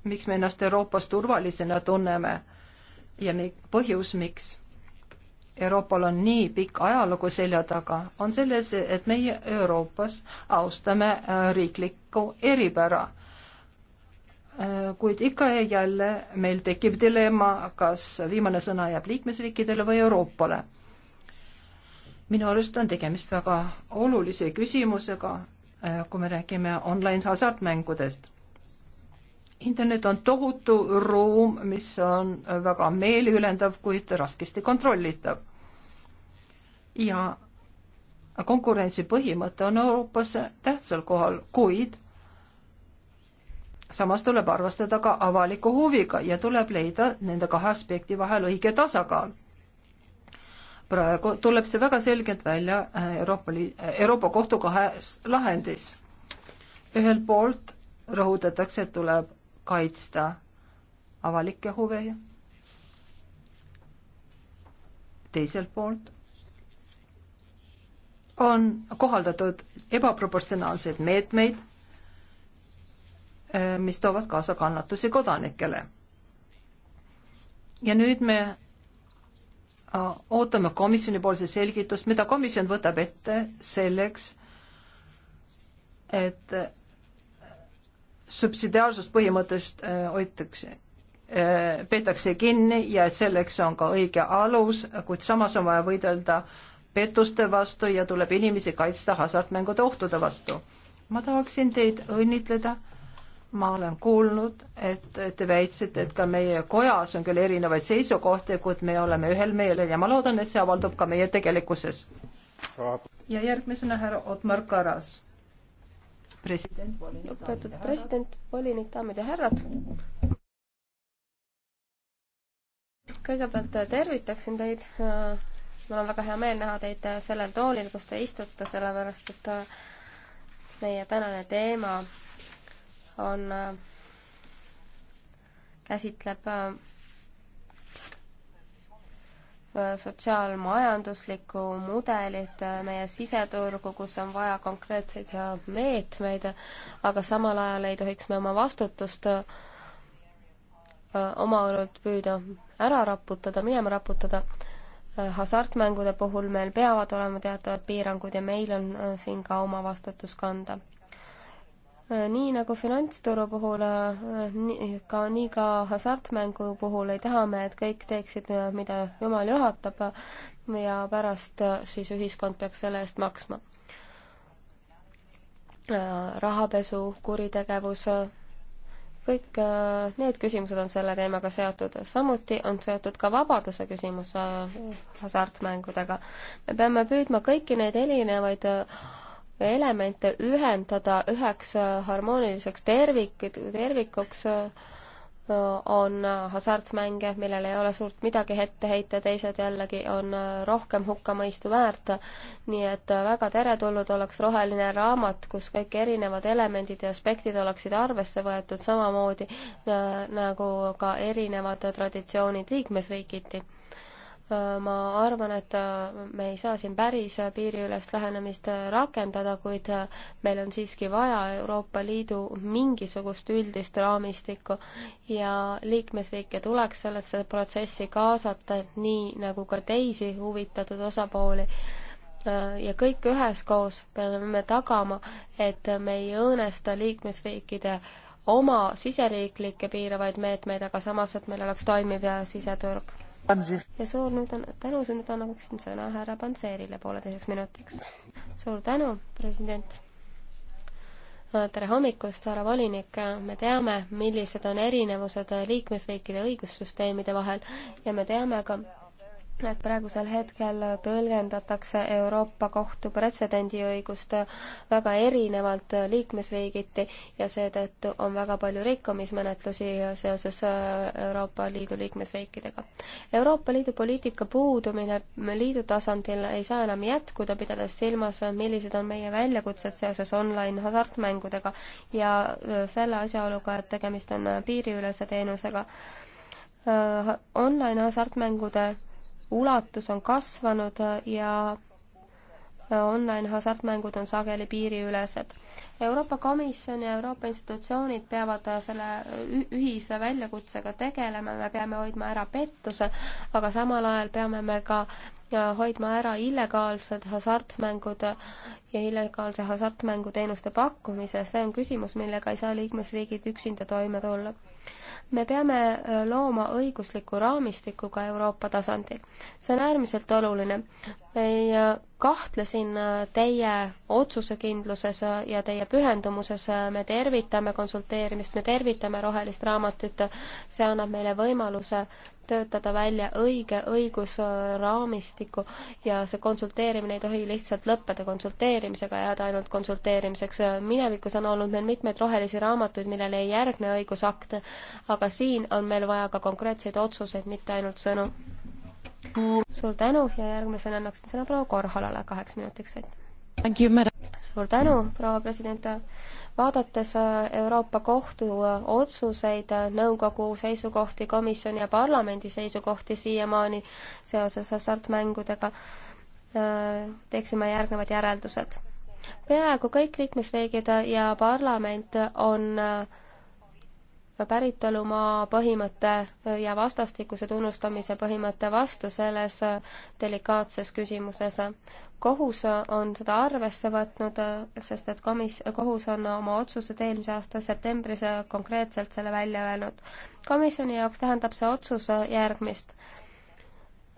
Speaker 4: miks me ennast Euroopas turvalisena tunneme ja põhjus, miks Euroopal on nii pikk ajalugu selja taga, on selles, et meie Euroopas austame äh, riiklikku eripära. Äh, kuid ikka ja jälle meil tekib dilemma, kas viimane sõna jääb liikmesriikidele või Euroopale minu arust on tegemist väga olulise küsimusega, äh, kui me räägime online hasartmängudest. internet on tohutu ruum, mis on väga meeliülendav, kuid raskesti kontrollitav. ja konkurentsi põhimõte on Euroopas tähtsal kohal, kuid samas tuleb arvestada ka avaliku huviga ja tuleb leida nende kahe aspekti vahel õige tasakaal praegu tuleb see väga selgelt välja äh, Euroopa Liit, äh, Euroopa Kohtu kahes lahendis. ühelt poolt rõhutatakse, et tuleb kaitsta avalikke huve. teiselt poolt on kohaldatud ebaproportsionaalseid meetmeid, äh, mis toovad kaasa kannatusi kodanikele. ja nüüd me Äh, ootame komisjonipoolse selgitust, mida komisjon võtab ette selleks, et subsidiaarsuspõhimõttest äh, hoitakse, äh, peetakse kinni ja et selleks on ka õige alus, kuid samas on vaja võidelda pettuste vastu ja tuleb inimesi kaitsta hasartmängude ohtude vastu. ma tahaksin teid õnnitleda ma olen kuulnud, et te väitsite, et ka meie kojas on küll erinevaid seisukohti, kuid me oleme ühel meelel ja ma loodan, et see avaldub ka meie tegelikkuses. ja järgmisena härra Otmar Karas. president, volinik. lugupeetud
Speaker 1: president, volinik, daamid ja härrad. kõigepealt tervitaksin teid. mul on väga hea meel näha teid sellel toolil, kus te istute, sellepärast et meie tänane teema on, äh, käsitleb äh, sotsiaalmajanduslikku mudelit, äh, meie siseturgu, kus on vaja konkreetseid meetmeid, aga samal ajal ei tohiks me oma vastutust oma õlult püüda ära raputada, minema raputada. hasartmängude puhul meil peavad olema teatavad piirangud ja meil on siin ka oma vastutus kanda Äh, nii nagu finantsturu puhul, äh, ka nii ka hasartmängu puhul ei taha me, et kõik teeksid, äh, mida jumal juhatab ja pärast siis ühiskond peaks selle eest maksma. rahapesu, kuritegevus, kõik need küsimused on selle teemaga seotud. samuti on seotud ka vabaduse küsimus hasartmängudega. me peame püüdma kõiki neid erinevaid elemente ühendada üheks äh, harmooniliseks tervik, tervikuks, äh, äh, on hasartmänge, millel ei ole suurt midagi ette heita, teised jällegi on rohkem hukkamõistu väärt. nii et väga teretulnud oleks roheline raamat, kus kõik erinevad elemendid ja aspektid oleksid arvesse võetud samamoodi nagu ka erinevad traditsioonid liikmesriigiti ma arvan, et äh, me ei saa siin päris äh, piiriülest lähenemist äh, rakendada, kuid meil on siiski vaja Euroopa Liidu mingisugust üldist raamistikku ja liikmesriike tuleks sellesse protsessi kaasata, nii nagu ka teisi huvitatud osapooli. ja kõik üheskoos peame tagama, et me ei õõnesta liikmesriikide oma siseriiklikke piiravaid meetmeid, aga samas, et meil oleks toimiv siseturg ja suur nüüd on, tänu nüüd annaksin sõna härra Panserile pooleteiseks minutiks. suur tänu, president tere hommikust, härra volinik, me teame, millised on erinevused liikmesriikide õigussüsteemide vahel ja me teame ka, et praegusel hetkel tõlgendatakse Euroopa Kohtu pretsedendiõigust väga erinevalt liikmesriigiti ja seetõttu on väga palju rikkumismenetlusi seoses Euroopa Liidu liikmesriikidega. Euroopa Liidu poliitika puudumine liidu tasandil ei saa enam jätkuda, pidades silmas, millised on meie väljakutsed seoses online hasartmängudega ja selle asjaoluga, et tegemist on piiriülese teenusega. Äh, online hasartmängude ulatus on kasvanud ja online-hasartmängud on sageli piiriülesed. Euroopa Komisjon ja Euroopa institutsioonid peavad selle ühise väljakutsega tegelema, me peame hoidma ära pettuse, aga samal ajal peame me ka hoidma ära illegaalsed hasartmängud ja illegaalse hasartmänguteenuste pakkumise, see on küsimus, millega ei saa liikmesriigid üksinda toime tulla me peame äh, looma õigusliku raamistiku ka Euroopa tasandil. see on äärmiselt oluline. ei äh, kahtle siin äh, teie otsusekindluses ja teie pühendumuses, me tervitame konsulteerimist, me tervitame rohelist raamatut, see annab meile võimaluse töötada välja õige õigusraamistiku ja see konsulteerimine ei tohi lihtsalt lõppeda konsulteerimisega, jääda ainult konsulteerimiseks. minevikus on olnud meil mitmeid rohelisi raamatuid, millele ei järgne õigusakte aga siin on meil vaja ka konkreetseid otsuseid, mitte ainult sõnu. suur tänu ja järgmisena annaksin sõna proua Korholale kaheks minutiks,
Speaker 2: aitäh! suur tänu,
Speaker 1: proua president! vaadates äh, Euroopa Kohtu äh, otsuseid, äh, nõukogu seisukohti, komisjoni ja parlamendi seisukohti siiamaani seoses hasartmängudega, teeksime järgnevad järeldused. peaaegu kõik liikmesriigid ja parlament on päritolumaa põhimõte ja vastastikuse tunnustamise põhimõte vastu selles delikaatses küsimuses. kohus on seda arvesse võtnud, sest et komis-, kohus on oma otsused eelmise aasta septembris konkreetselt selle välja öelnud. komisjoni jaoks tähendab see otsus järgmist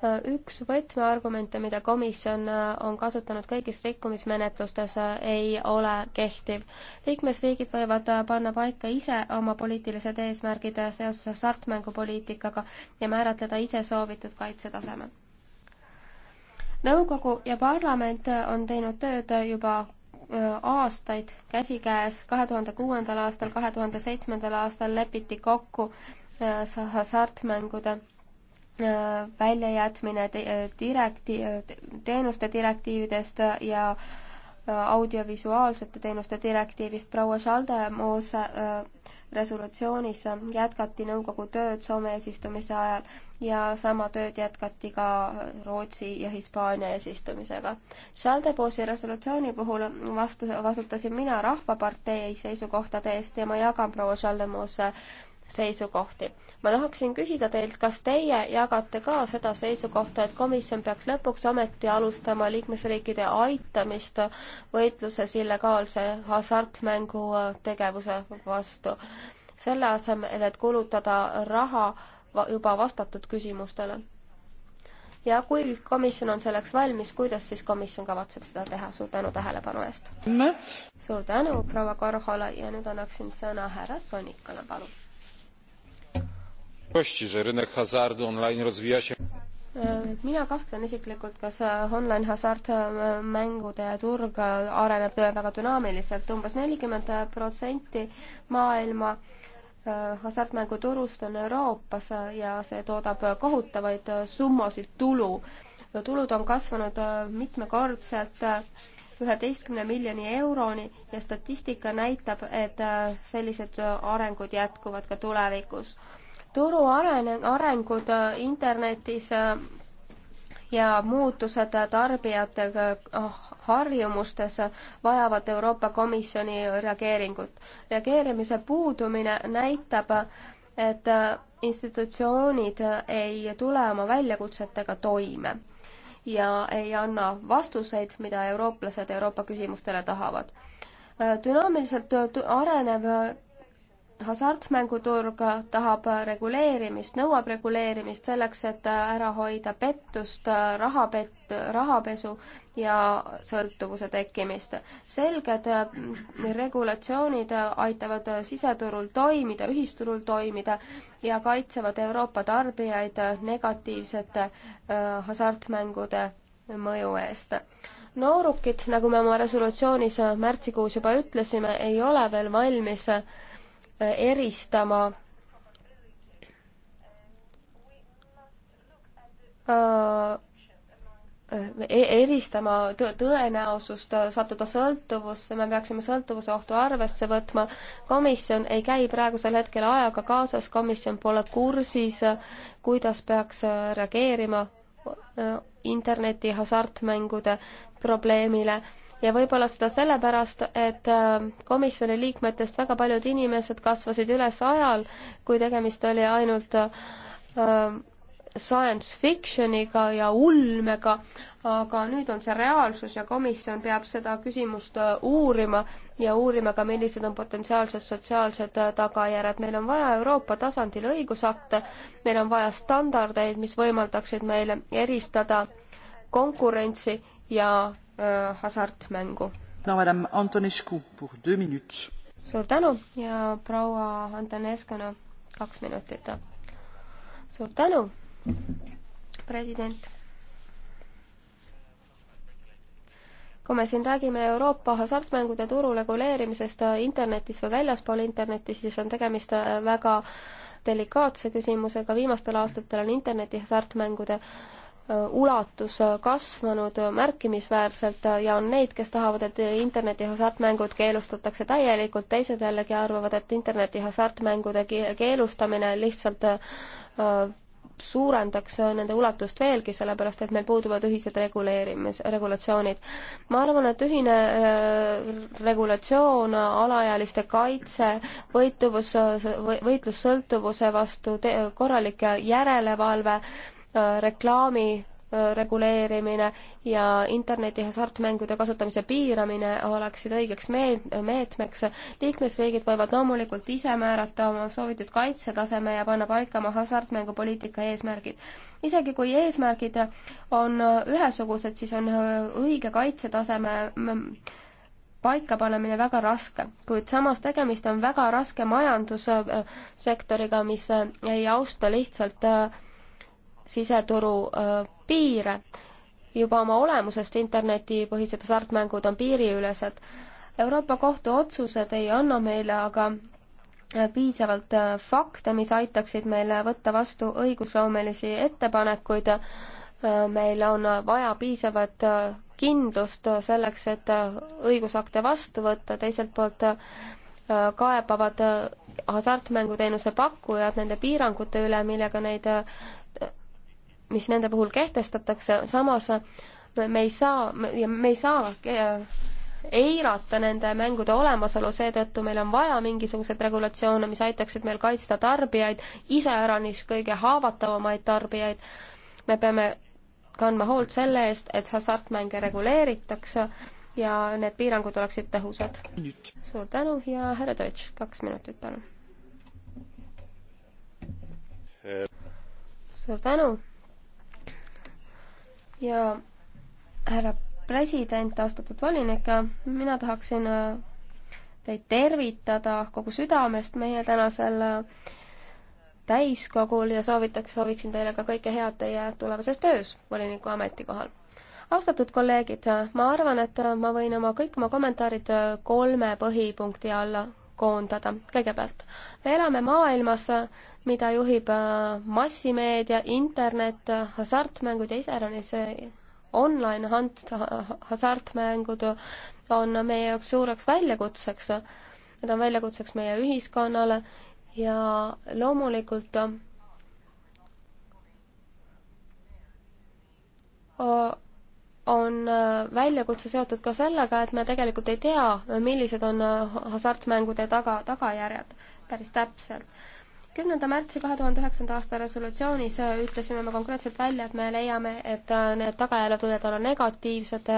Speaker 1: Äh, üks võtmeargumente, mida komisjon äh, on kasutanud kõigis rikkumismenetlustes, äh, ei ole kehtiv. liikmesriigid võivad panna paika ise oma poliitilised eesmärgid seoses hasartmängupoliitikaga ja määratleda ise soovitud kaitsetaseme. nõukogu ja parlament on teinud tööd juba aastaid käsikäes, kahe tuhande kuuendal aastal, kahe tuhande seitsmendal aastal lepiti kokku hasartmängude Äh, väljajätmine äh, direktiiv, äh, teenuste direktiividest ja audiovisuaalsete teenuste direktiivist proua Schaldemose resolutsioonis jätkati nõukogu tööd Soome eesistumise ajal ja sama tööd jätkati ka Rootsi ja Hispaania eesistumisega. Schaldemose resolutsiooni puhul vastu, vastutasin mina Rahvapartei seisukohtade eest ja ma jagan proua Schaldemose seisukohti ma tahaksin küsida teilt, kas teie jagate ka seda seisukohta, et komisjon peaks lõpuks ometi alustama liikmesriikide aitamist võitluses illegaalse hasartmängu äh, tegevuse vastu, selle asemel, et kulutada raha juba vastatud küsimustele? ja kui komisjon on selleks valmis, kuidas siis komisjon kavatseb seda teha? suur tänu tähelepanu eest! suur tänu, proua Korhola ja nüüd annaksin sõna härra Sonikale, palun!
Speaker 6: Ehm,
Speaker 1: mina kahtlen isiklikult, kas äh, online hasartmängude äh, turg äh, areneb väga dünaamiliselt umbes, umbes nelikümmend protsenti maailma hasartmänguturust on Euroopas ja see toodab kohutavaid summasid tulu. tulud on kasvanud mitmekordselt üheteistkümne miljoni euroni ja statistika näitab, et sellised arengud jätkuvad ka tulevikus turu arene-, arengud äh, internetis äh, ja muutused äh, tarbijate ah, harjumustes vajavad Euroopa Komisjoni reageeringut. reageerimise puudumine näitab, et institutsioonid ei tule oma väljakutsetega toime ja ei anna vastuseid, mida eurooplased Euroopa küsimustele tahavad dünaamiliselt arenev hasartmänguturg tahab reguleerimist, nõuab reguleerimist selleks, et ära hoida pettust, rahapett, rahapesu ja sõltuvuse tekkimist. selged mm, regulatsioonid aitavad siseturul toimida, ühisturul toimida ja kaitsevad Euroopa tarbijaid negatiivsete hasartmängude mõju eest noorukid, nagu me oma resolutsioonis märtsikuus juba ütlesime, ei ole veel valmis Äh, eristama äh, e-, eristama tõenäosust sattuda sõltuvusse, me peaksime sõltuvuse ohtu arvesse võtma. komisjon ei käi praegusel hetkel ajaga kaasas, komisjon pole kursis, kuidas peaks äh, reageerima interneti hasartmängude probleemile ja võib-olla seda sellepärast, et äh, komisjoni liikmetest väga paljud inimesed kasvasid üles ajal, kui tegemist oli ainult äh, science fiction'iga ja ulmega, aga nüüd on see reaalsus ja komisjon peab seda küsimust äh, uurima ja uurima ka, millised on potentsiaalsed sotsiaalsed tagajärjed. meil on vaja Euroopa tasandil õigusakte, meil on vaja standardeid, mis võimaldaksid meile eristada konkurentsi ja
Speaker 4: Äh, hasartmängu.
Speaker 1: suur tänu ja proua Antoneskuna kaks minutit. suur tänu, president. kui me siin räägime Euroopa hasartmängude turu reguleerimisest internetis või väljaspool internetti, siis on tegemist äh, väga delikaatse küsimusega. viimastel aastatel on interneti hasartmängude äh, Äh, ulatus äh, kasvanud märkimisväärselt äh, ja on neid, kes tahavad, et interneti hasartmängud keelustatakse täielikult, teised jällegi arvavad, et interneti hasartmängude keelustamine lihtsalt suurendaks nende ulatust veelgi, sellepärast et meil puuduvad ühised reguleerimis, regulatsioonid. ma arvan, et ühine regulatsioon, alaealiste kaitse, võituvus, võitlus sõltuvuse vastu, korralik järelevalve Äh, reklaami äh, reguleerimine ja interneti hasartmängude kasutamise piiramine oleksid õigeks meet-, meetmeks. liikmesriigid võivad loomulikult ise määrata oma soovitud kaitsetaseme ja panna paika oma hasartmängupoliitika eesmärgid. isegi kui eesmärgid on ühesugused, siis on õige kaitsetaseme mm, paikapanemine väga raske, kuid samas tegemist on väga raske majandussektoriga, mis ei austa lihtsalt äh, siseturu piire. juba oma olemusest internetipõhised hasartmängud on piiriülesed. Euroopa Kohtu otsused ei anna meile aga piisavalt fakte, mis aitaksid meil võtta vastu õigusloomelisi ettepanekuid. meil on vaja piisavat kindlust selleks, et õigusakte vastu võtta, teiselt poolt kaebavad hasartmänguteenuse pakkujad nende piirangute üle, millega neid mis nende puhul kehtestatakse, samas me ei saa, me ei saa äh, eirata nende mängude olemasolu, seetõttu meil on vaja mingisuguseid regulatsioone, mis aitaksid meil kaitsta tarbijaid, iseäranis kõige haavatavamaid tarbijaid. me peame kandma hoolt selle eest, et hasartmänge reguleeritakse ja need piirangud oleksid tõhusad. suur tänu ja härra Deutsch, kaks minutit, palun. Äh. suur tänu ja härra president, austatud volinik, mina tahaksin äh, teid tervitada kogu südamest meie tänasel äh, täiskogul ja soovitaks, sooviksin teile ka kõike head teie tulevases töös voliniku ametikohal. austatud kolleegid, ma arvan, et ma võin oma, kõik oma kommentaarid äh, kolme põhipunkti alla koondada. kõigepealt, me elame maailmas, mida juhib äh, massimeedia, internet, hasartmängud ja iseäranis äh, online hasartmängud on meie jaoks suureks väljakutseks. Need on väljakutseks meie ühiskonnale ja loomulikult äh, on äh, väljakutse seotud ka sellega, et me tegelikult ei tea, millised on äh, hasartmängude taga, tagajärjed päris täpselt kümnenda märtsi kahe tuhande üheksanda aasta resolutsioonis äh, ütlesime me konkreetselt välja, et me leiame, et need tagajärjed võivad olla negatiivsed,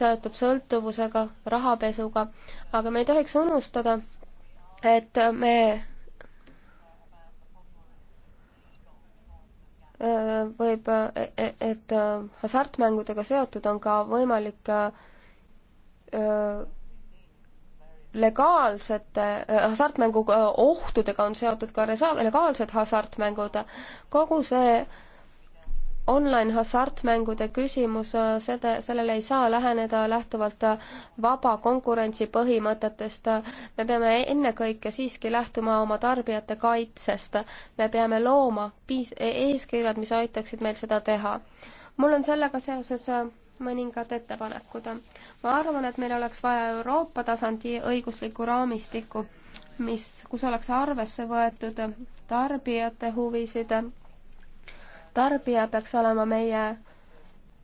Speaker 1: seotud sõltuvusega, rahapesuga, aga me ei tohiks unustada, et me Äh, võib, äh, äh, et hasartmängudega seotud on ka võimalik legaalsete hasartmängu ohtudega on seotud ka legaalsed hasartmängud. kogu see online hasartmängude küsimus, äh, seda, sellele ei saa läheneda lähtuvalt äh, vaba konkurentsi põhimõtetest. me peame ennekõike siiski lähtuma oma tarbijate kaitsest. me peame looma piis-, e-, eeskirjad, mis aitaksid meil seda teha. mul on sellega seoses äh, mõningad ettepanekud. ma arvan, et meil oleks vaja Euroopa tasandi õiguslikku raamistikku, mis, kus oleks arvesse võetud tarbijate huvisid tarbija peaks olema meie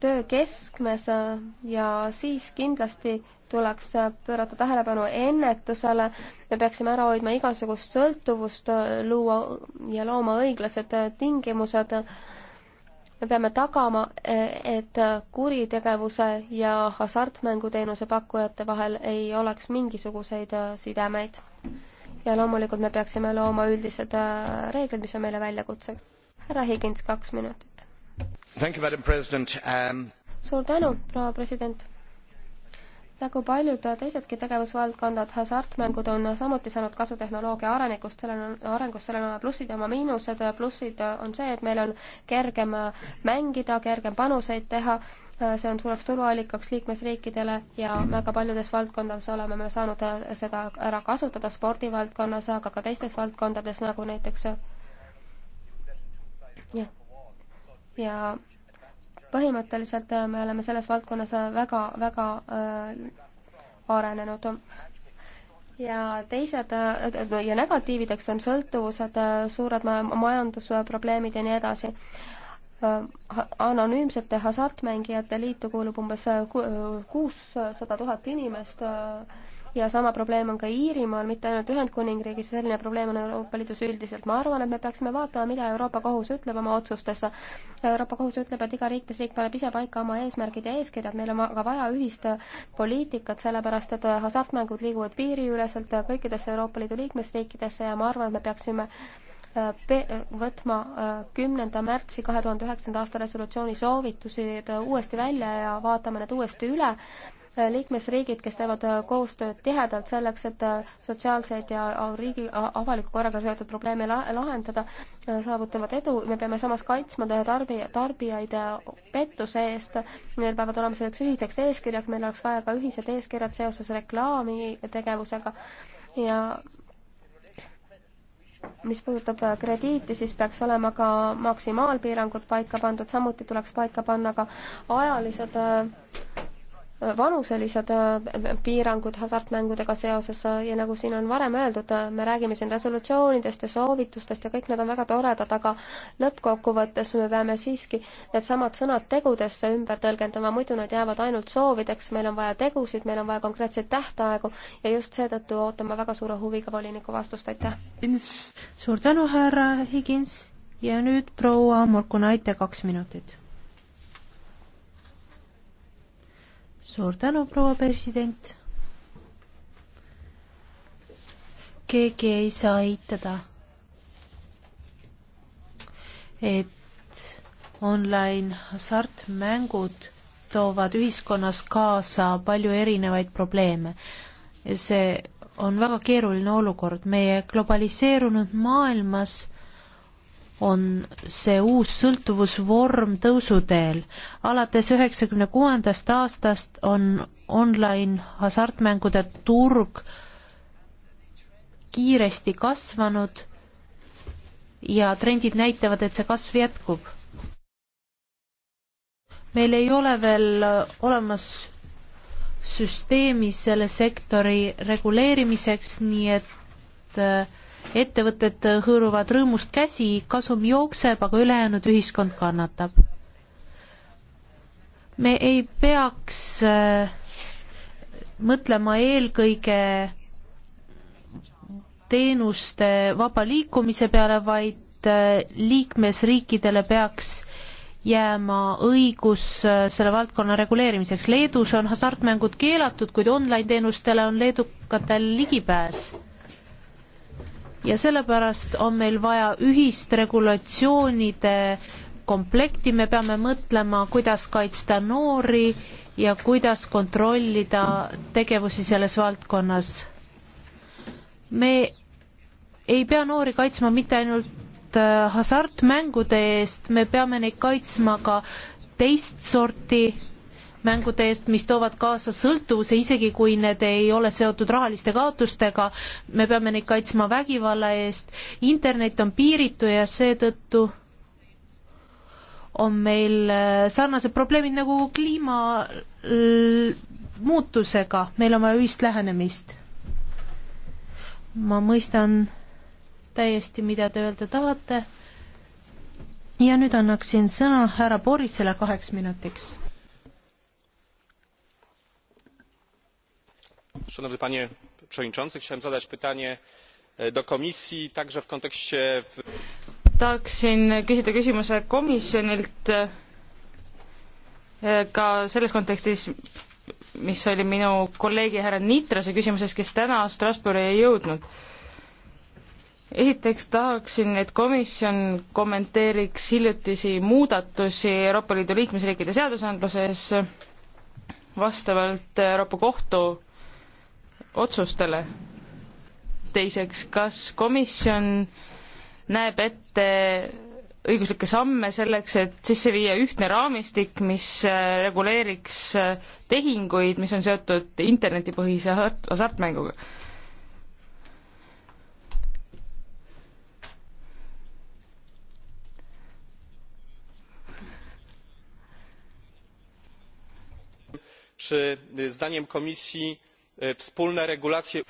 Speaker 1: töö keskmes ja siis kindlasti tuleks pöörata tähelepanu ennetusele, me peaksime ära hoidma igasugust sõltuvust, luua ja looma õiglased tingimused. me peame tagama, et kuritegevuse ja hasartmänguteenuse pakkujate vahel ei oleks mingisuguseid sidemeid. ja loomulikult me peaksime looma üldised reeglid, mis on meile väljakutseks härra Higins, kaks minutit.
Speaker 6: Um...
Speaker 1: suur tänu, proua president nagu paljud teisedki tegevusvaldkondad, hasartmängud on samuti saanud kasu tehnoloogia arengust, sellel on, arengust, sellel on oma plussid ja oma miinused, plussid on see, et meil on kergem mängida, kergem panuseid teha, see on suureks tuluallikaks liikmesriikidele ja väga paljudes valdkondades oleme me saanud seda ära kasutada, spordivaldkonnas, aga ka teistes valdkondades, nagu näiteks ja, ja põhimõtteliselt äh, me oleme selles valdkonnas äh, väga, väga äh, arenenud. ja teised äh, ja negatiivideks on sõltuvused äh,, suured majandusprobleemid ja nii edasi äh, anonüümsete hasartmängijate liitu kuulub umbes kuussada tuhat inimest ja sama probleem on ka Iirimaal, mitte ainult Ühendkuningriigis, selline probleem on Euroopa Liidus üldiselt. ma arvan, et me peaksime vaatama, mida Euroopa Kohus ütleb oma otsustes. Euroopa Kohus ütleb, et iga liikmesriik paneb ise paika oma eesmärgid ja eeskirjad, meil on aga vaja ühist poliitikat, sellepärast et hasartmängud liiguvad piiriüleselt kõikidesse Euroopa Liidu liikmesriikidesse ja ma arvan, et me peaksime äh, võtma äh, kümnenda märtsi kahe tuhande üheksanda aasta resolutsiooni soovitused äh, uuesti välja ja vaatame need uuesti üle liikmesriigid, kes teevad äh, koostööd tihedalt selleks, et äh, sotsiaalseid ja riigi avaliku korraga seotud probleeme lahendada, äh, saavutavad edu, me peame samas kaitsma tarbija, tarbijaid pettuse eest, meil peavad olema selleks ühiseks eeskirjaks, meil oleks vaja ka ühised eeskirjad seoses reklaamitegevusega ja mis puudutab krediiti, siis peaks olema ka maksimaalpiirangud paika pandud, samuti tuleks paika panna ka ajalised vanuselised äh, piirangud hasartmängudega seoses äh, ja nagu siin on varem öeldud, äh, me räägime siin resolutsioonidest ja soovitustest ja kõik need on väga toredad, aga lõppkokkuvõttes me peame siiski needsamad sõnad tegudesse ümber tõlgendama, muidu need jäävad ainult soovideks, meil on vaja tegusid, meil on vaja konkreetseid tähtaegu ja just seetõttu ootame väga suure huviga voliniku vastust,
Speaker 2: aitäh! suur tänu, härra Higins ja nüüd proua Morkunaite, kaks minutit suur tänu, proua president. keegi ei saa eitada, et online hasartmängud toovad ühiskonnas kaasa palju erinevaid probleeme. see on väga keeruline olukord. meie globaliseerunud maailmas on see uus sõltuvusvorm tõusuteel. alates üheksakümne kuuendast aastast on online hasartmängude turg kiiresti kasvanud ja trendid näitavad, et see kasv jätkub. meil ei ole veel olemas süsteemi selle sektori reguleerimiseks, nii et äh, ettevõtted hõõruvad rõõmust käsi, kasum jookseb, aga ülejäänud ühiskond kannatab. me ei peaks äh, mõtlema eelkõige teenuste vaba liikumise peale, vaid äh, liikmesriikidele peaks jääma õigus äh, selle valdkonna reguleerimiseks. Leedus on hasartmängud keelatud, kuid online-teenustele on leedukatel ligipääs ja sellepärast on meil vaja ühist regulatsioonide komplekti, me peame mõtlema, kuidas kaitsta noori ja kuidas kontrollida tegevusi selles valdkonnas. me ei pea noori kaitsma mitte ainult äh, hasartmängude eest, me peame neid kaitsma ka teist sorti mängude eest, mis toovad kaasa sõltuvuse, isegi kui need ei ole seotud rahaliste kaotustega, me peame neid kaitsma vägivalla eest, internet on piiritu ja seetõttu on meil äh, sarnased probleemid nagu kliima äh, muutusega, meil on vaja ühist lähenemist. ma mõistan täiesti, mida te öelda tahate. ja nüüd annaksin sõna härra Borisele kaheks minutiks
Speaker 6: panie przewodniczący! chciałem zadać pytanie e, do komisji także w kontekście.
Speaker 3: tahaksin küsida küsimuse komisjonilt e, ka selles kontekstis mis oli minu kolleegi härra Nitrase küsimuses, kes täna Strasbourgi ei jõudnud. esiteks tahaksin, et komisjon kommenteeriks hiljutisi muudatusi Euroopa Liidu liikmesriikide seadusandluses vastavalt Euroopa Kohtu otsustele? teiseks, kas komisjon näeb ette õiguslikke samme selleks, et sisse viia ühtne raamistik, mis äh, reguleeriks äh, tehinguid, mis on seotud internetipõhise hasartmänguga?
Speaker 6: czy zdaniem
Speaker 4: komisji E, wspólne regulacje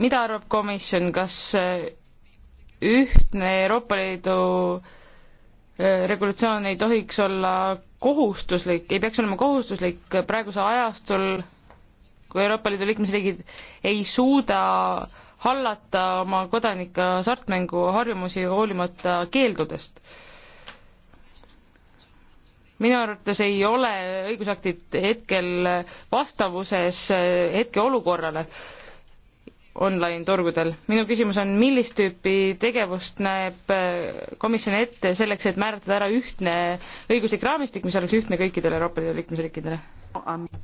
Speaker 3: mida arvab komisjon, kas e, ühtne Euroopa Liidu e, regulatsioon ei tohiks olla kohustuslik, ei peaks olema kohustuslik praegusel ajastul, kui Euroopa Liidu liikmesriigid ei suuda hallata oma kodanike hasartmänguharjumusi hoolimata keeldudest minu arvates ei ole õigusaktid hetkel vastavuses eh, hetkeolukorrale online-turgudel. minu küsimus on, millist tüüpi tegevust näeb eh, komisjon ette selleks, et määratleda ära ühtne õiguslik raamistik, mis oleks ühtne kõikidele Euroopa Liidu liikmesriikidele?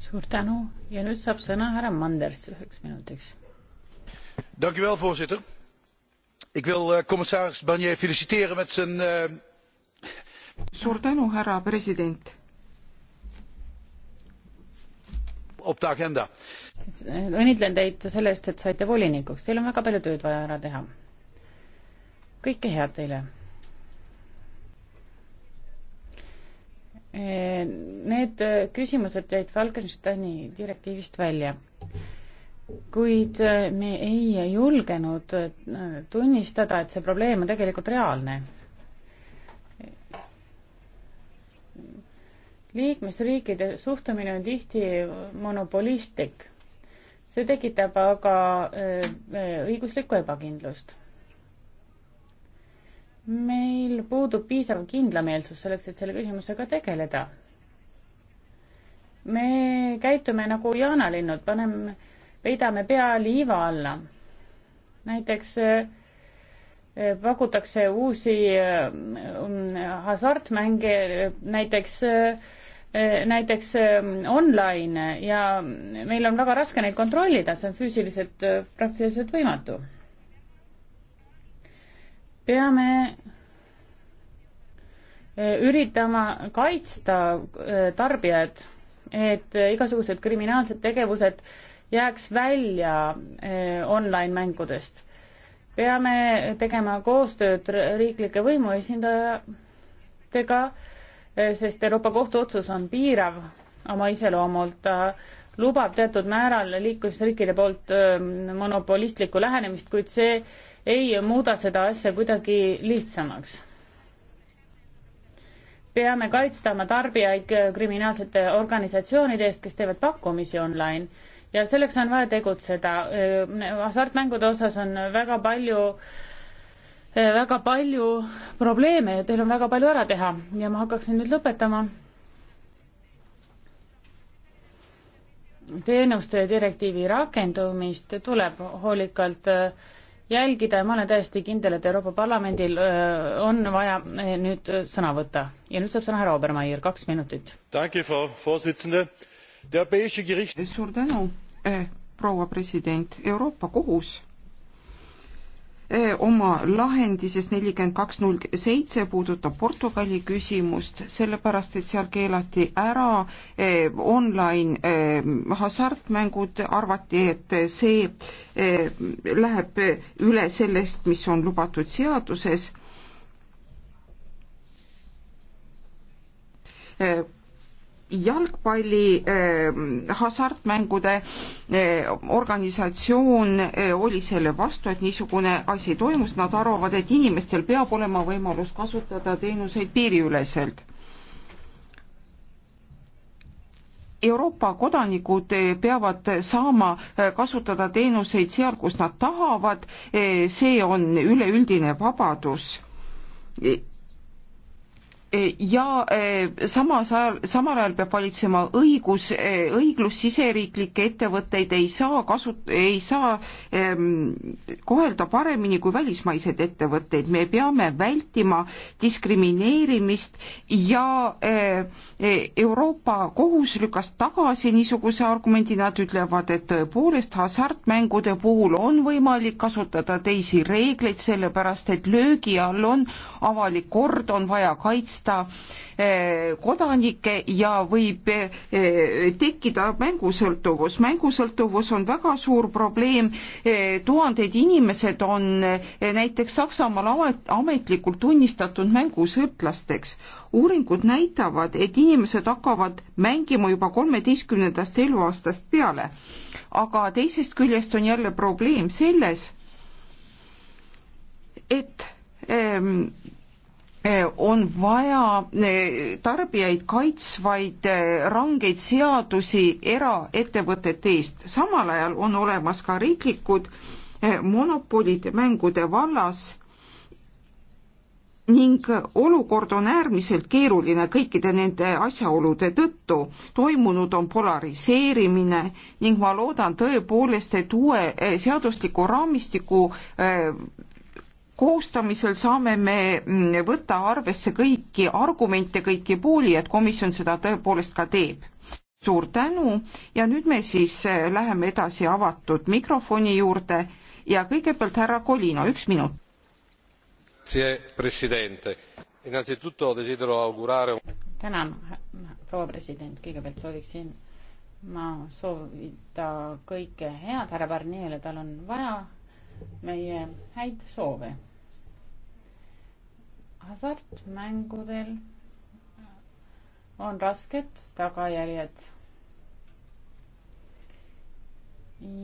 Speaker 5: suur tänu ja nüüd saab sõna härra Manders üheks minutiks.
Speaker 3: Dank u wel, voorzitter. Ik wil uh, commissaris Barnier feliciteren met zijn uh,
Speaker 5: suur tänu, härra president. õnnitlen teid selle eest, et saite volinikuks, teil on väga palju tööd vaja ära teha. kõike head teile. Eh, need küsimused jäid Falkensteini direktiivist välja kuid eh, me ei julgenud eh, tunnistada, et see probleem on tegelikult reaalne liikmesriikide suhtumine on tihti monopolistlik. see tekitab aga äh, äh, õiguslikku ebakindlust. meil puudub piisav kindlameelsus selleks, et selle küsimusega tegeleda. me käitume nagu jaanalinnud, paneme, peidame pea liiva alla. näiteks äh, pakutakse uusi mm, hasartmänge, näiteks äh, Eh, näiteks ehm, online ja meil on väga raske neid kontrollida, see on füüsiliselt eh, praktiliselt võimatu. peame eh, üritama kaitsta tarbijad, et igasugused kriminaalsed tegevused jääks välja online mängudest. peame tegema koostööd riiklike võimuesindajatega, Eh, sest Euroopa Kohtu otsus on piirav oma iseloomult, ta lubab teatud määral liiklusriikide poolt ehm, monopolistlikku lähenemist, kuid see ei muuda seda asja kuidagi lihtsamaks. peame kaitsta oma tarbijaid kriminaalsete organisatsioonide eest, kes teevad pakkumisi online ja selleks on vaja tegutseda. Ehm, hasartmängude osas on väga palju äh, Eh, väga palju probleeme ja teil on väga palju ära teha ja ma hakkaksin nüüd lõpetama. teenuste direktiivi rakendumist tuleb hoolikalt eh, jälgida ja ma olen täiesti kindel, et Euroopa Parlamendil eh, on vaja nüüd sõna võtta ja nüüd saab sõna härra Obermeier, kaks minutit. suur tänu, proua president, Euroopa Kohus
Speaker 6: oma lahendi, sest nelikümmend kaks null seitse puudutab Portugali küsimust, sellepärast et seal keelati ära eh, online eh, hasartmängud, arvati, et see eh, läheb üle sellest, mis on lubatud seaduses eh, jalgpalli äh, hasartmängude äh, organisatsioon äh, oli selle vastu, et niisugune asi toimus, nad arvavad, et inimestel peab olema võimalus kasutada teenuseid piiriüleselt. Euroopa kodanikud eh, peavad saama eh, kasutada teenuseid seal, kus nad tahavad, see on üleüldine vabadus ja eh, samas ajal, samal ajal peab valitsema õigus, eh, õiglus, siseriiklikke ettevõtteid ei saa kasu-, ei saa ehm, kohelda paremini kui välismaiseid ettevõtteid, me peame vältima diskrimineerimist ja eh, eh Euroopa Kohus lükas tagasi niisuguse argumendi, nad ütlevad, et tõepoolest hasartmängude puhul on võimalik kasutada teisi reegleid, sellepärast et löögi all on avalik kord, on vaja kaitsta, kaitsta eh, kodanikke ja võib eh, tekkida mängusõltuvus. mängusõltuvus on väga suur probleem, eh, tuhanded inimesed on näiteks Saksamaal amet, ametlikult tunnistatud mängusõltlasteks. uuringud näitavad, et inimesed hakkavad mängima juba kolmeteistkümnendast eluaastast peale. aga teisest küljest on jälle probleem selles, et ähm, Äh, on vaja äh, tarbijaid kaitsvaid äh, rangeid seadusi eraettevõtete eest. samal ajal on olemas ka riiklikud monopolid mängude vallas ning olukord on äärmiselt keeruline kõikide nende asjaolude tõttu. toimunud on polariseerimine ning ma loodan tõepoolest, et uue seadusliku raamistiku koostamisel saame me mm, võtta arvesse kõiki argumente, kõiki pooli, et komisjon seda tõepoolest ka teeb. suur tänu ja nüüd me siis äh, läheme edasi avatud mikrofoni juurde ja kõigepealt härra Kolino, üks minut.
Speaker 5: tänan, proua president, kõigepealt sooviksin ma soovida kõike head härra Barnierile, tal on vaja meie häid soove. hasartmängudel on rasked tagajärjed.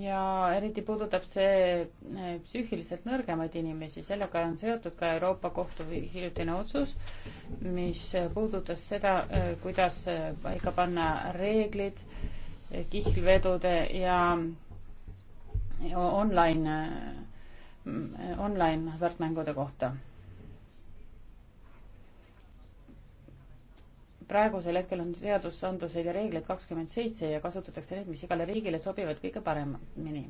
Speaker 5: ja eriti puudutab see eh, psüühiliselt nõrgemaid inimesi, sellega on seotud ka Euroopa Kohtu hiljutine otsus, mis puudutas seda, eh, kuidas eh, paika panna reeglid kihlvedude ja online, äh, online hasartmängude kohta. praegusel hetkel on seadusandluseid ja reegleid kakskümmend seitse ja kasutatakse neid, mis igale riigile sobivad kõige paremini.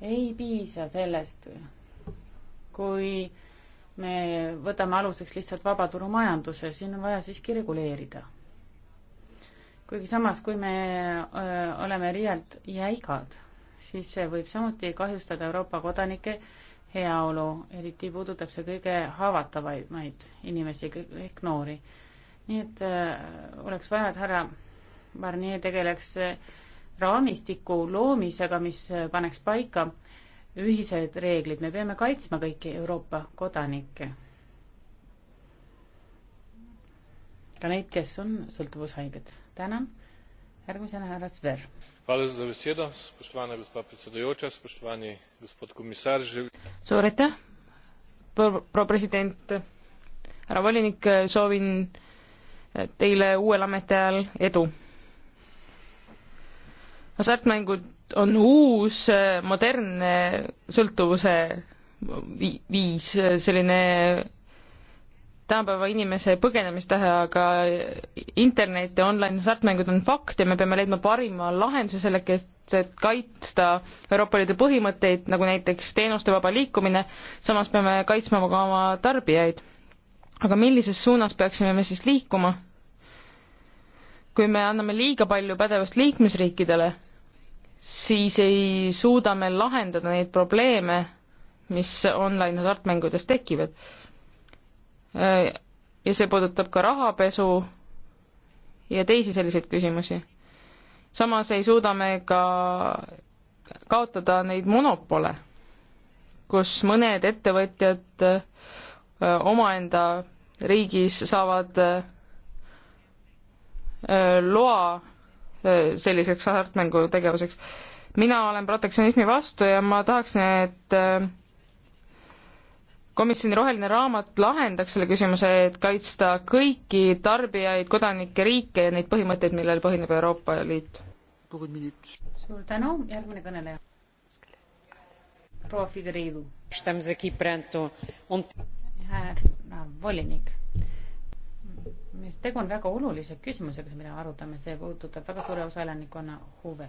Speaker 5: ei piisa sellest, kui me võtame aluseks lihtsalt vabaturumajanduse, siin on vaja siiski reguleerida. kuigi samas, kui me öö, äh, oleme liialt jäigad siis see võib samuti kahjustada Euroopa kodanike heaolu, eriti puudutab see kõige haavatavamaid inimesi ehk noori. nii et äh, oleks vaja, et härra Barnier tegeleks äh, raamistiku loomisega, mis äh, paneks paika ühised reeglid, me peame kaitsma kõiki Euroopa kodanikke. ka neid, kes on sõltuvushaiged. tänan, järgmisena härra Sver
Speaker 3: suur aitäh proua president härra volinik soovin teile uuel ametiajal edu hasartmängud on uus modernne sõltuvuse viis selline tänapäeva inimese põgenemistähe, aga internet ja online hasartmängud on fakt ja me peame leidma parima lahenduse selleks, et kaitsta Euroopa Liidu põhimõtteid, nagu näiteks teenuste vaba liikumine, samas peame kaitsma ka oma tarbijaid. aga millises suunas peaksime me siis liikuma? kui me anname liiga palju pädevust liikmesriikidele, siis ei suuda me lahendada neid probleeme, mis online hasartmängudes tekivad Äh, ja see puudutab ka rahapesu ja teisi selliseid küsimusi. samas ei suuda me ka kaotada neid monopole, kus mõned ettevõtjad äh, omaenda riigis saavad äh, loa selliseks hasartmängutegevuseks. mina olen protektsionismi vastu ja ma tahaksin, et komisjoni roheline raamat lahendaks selle küsimuse, et kaitsta kõiki tarbijaid, kodanikke, riike ja neid põhimõtteid, millel põhineb Euroopa Liit.
Speaker 5: suur tänu, järgmine kõneleja.
Speaker 3: proua Figueiredo. Um- um-
Speaker 5: härra volinik, tegu on väga olulise küsimusega, mida arutame, see puudutab väga suure osa elanikkonna huve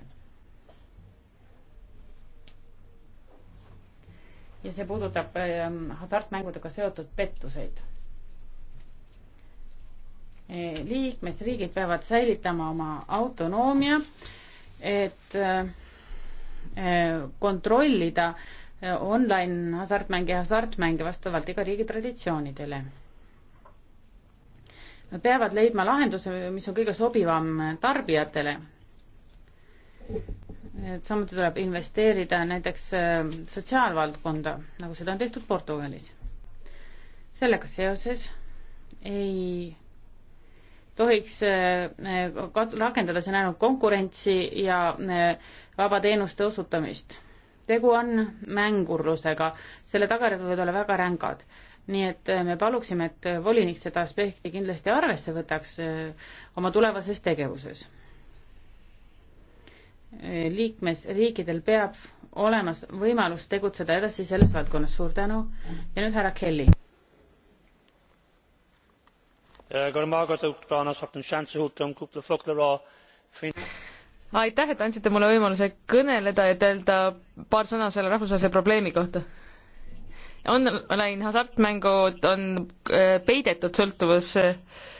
Speaker 5: ja see puudutab ähm, hasartmängudega seotud pettuseid. E, liikmesriigid peavad säilitama oma autonoomia, et äh, e, kontrollida äh, online hasartmänge ja hasartmänge vastavalt iga riigi traditsioonidele. Nad peavad leidma lahenduse, mis on kõige sobivam tarbijatele samuti tuleb investeerida näiteks äh, sotsiaalvaldkonda, nagu seda on tehtud Portugalis. sellega seoses ei tohiks äh, rakendada siin ainult konkurentsi ja äh, vabateenuste osutamist. tegu on mängurlusega, selle tagajärjed võivad olla väga rängad. nii et me paluksime, et volinik seda aspekti kindlasti arvesse võtaks oma tulevases tegevuses liikmesriikidel peab olemas võimalus tegutseda edasi selles valdkonnas. suur tänu ja nüüd härra Kelly.
Speaker 3: aitäh, et andsite mulle võimaluse kõneleda ja öelda paar sõna selle rahvusvahelise probleemi kohta. online hasartmängud on äh, peidetud sõltuvusse äh,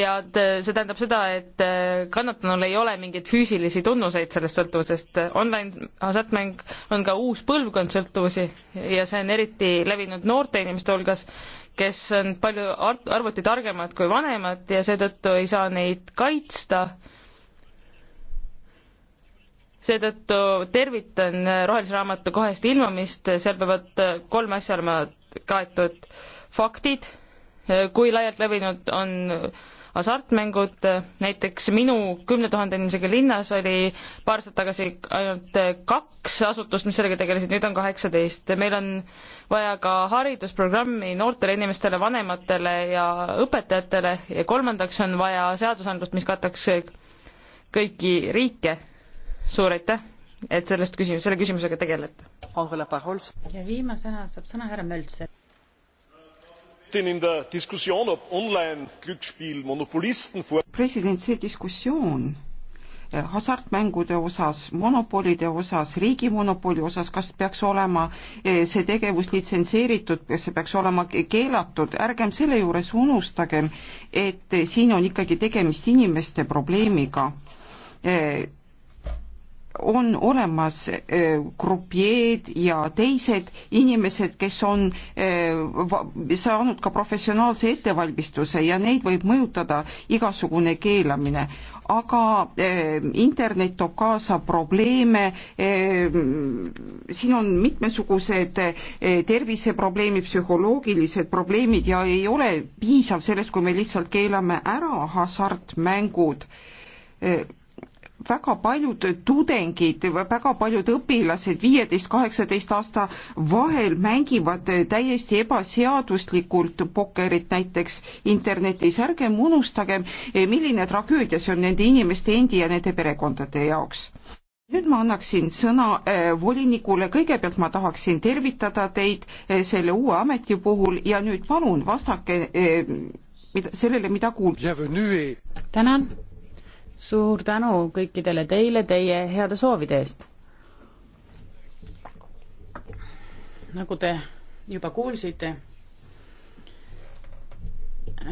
Speaker 3: ja eh, see tähendab seda, et eh, kannatanul ei ole mingeid füüsilisi tunnuseid sellest sõltuvusest. Online hasartmäng on ka uus põlvkond sõltuvusi ja see on eriti levinud noorte inimeste hulgas, kes on palju ar arvuti targemad kui vanemad ja seetõttu ei saa neid kaitsta. seetõttu tervitan Rohelise Raamatu kohest ilmumist, seal peavad kolm asja olema kaetud faktid kui laialt levinud on hasartmängud, näiteks minu kümne tuhande inimesega linnas oli paar aastat tagasi ainult kaks asutust, mis sellega tegelesid, nüüd on kaheksateist. meil on vaja ka haridusprogrammi noortele inimestele, vanematele ja õpetajatele ja kolmandaks on vaja seadusandlust, mis kataks kõiki riike. suur aitäh, et sellest küsimus, selle küsimusega tegelete.
Speaker 5: ja viimasena
Speaker 3: saab sõna härra Möltser
Speaker 6: president, see diskussioon äh, hasartmängude osas, monopolide osas, riigi monopoli osas, kas peaks olema äh, see tegevus litsenseeritud, kas see peaks olema keelatud, ärgem selle juures unustagem, et äh, siin on ikkagi tegemist inimeste probleemiga on olemas eh, grupjeed ja teised inimesed, kes on eh, saanud ka professionaalse ettevalmistuse ja neid võib mõjutada igasugune keelamine aga eh, internet toob kaasa probleeme eh,. siin on mitmesugused eh, terviseprobleemid, psühholoogilised probleemid ja ei ole piisav sellest, kui me lihtsalt keelame ära hasartmängud eh, väga paljud tudengid, väga paljud õpilased viieteist, kaheksateist aasta vahel mängivad täiesti ebaseaduslikult pokkerit näiteks internetis. ärgem unustagem, milline tragöödia see on nende inimeste endi ja nende perekondade jaoks nüüd ma annaksin sõna äh, volinikule, kõigepealt ma tahaksin tervitada teid äh, selle uue ameti puhul ja nüüd palun vastake äh, mida, sellele, mida
Speaker 5: kuulsite. tänan suur tänu kõikidele teile teie heade soovide eest. nagu te juba kuulsite,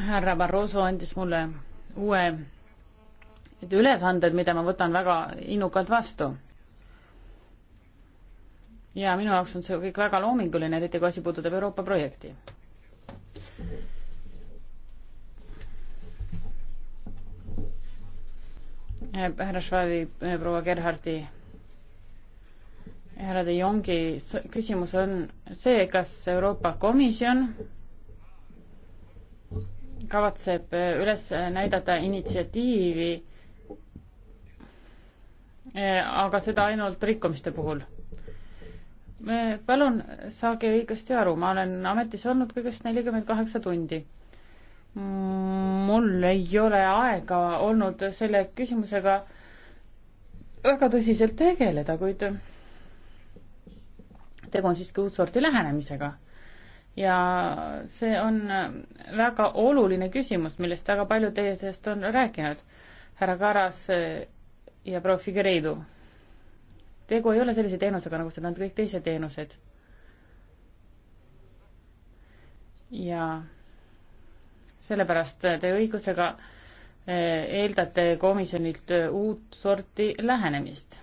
Speaker 5: härra Barroso andis mulle uue ülesanded, mida ma võtan väga innukalt vastu. ja minu jaoks on see kõik väga loominguline, eriti kui asi puudutab Euroopa projekti. härra Švabi, eh, proua Gerhardi, härra De Jongi küsimus on see, kas Euroopa Komisjon kavatseb eh, üles näidata initsiatiivi, eh, aga seda ainult rikkumiste puhul. palun saage õigesti aru, ma olen ametis olnud kõigest nelikümmend kaheksa tundi mul ei ole aega olnud selle küsimusega väga tõsiselt tegeleda, kuid tegu on siiski uut sorti lähenemisega. ja see on väga oluline küsimus, millest väga paljud teie seast on rääkinud, härra Karas ja proua Figueiredu. tegu ei ole sellise teenusega, nagu seda on kõik teised teenused. ja sellepärast te õigusega eh, eeldate komisjonilt eh, uut sorti lähenemist.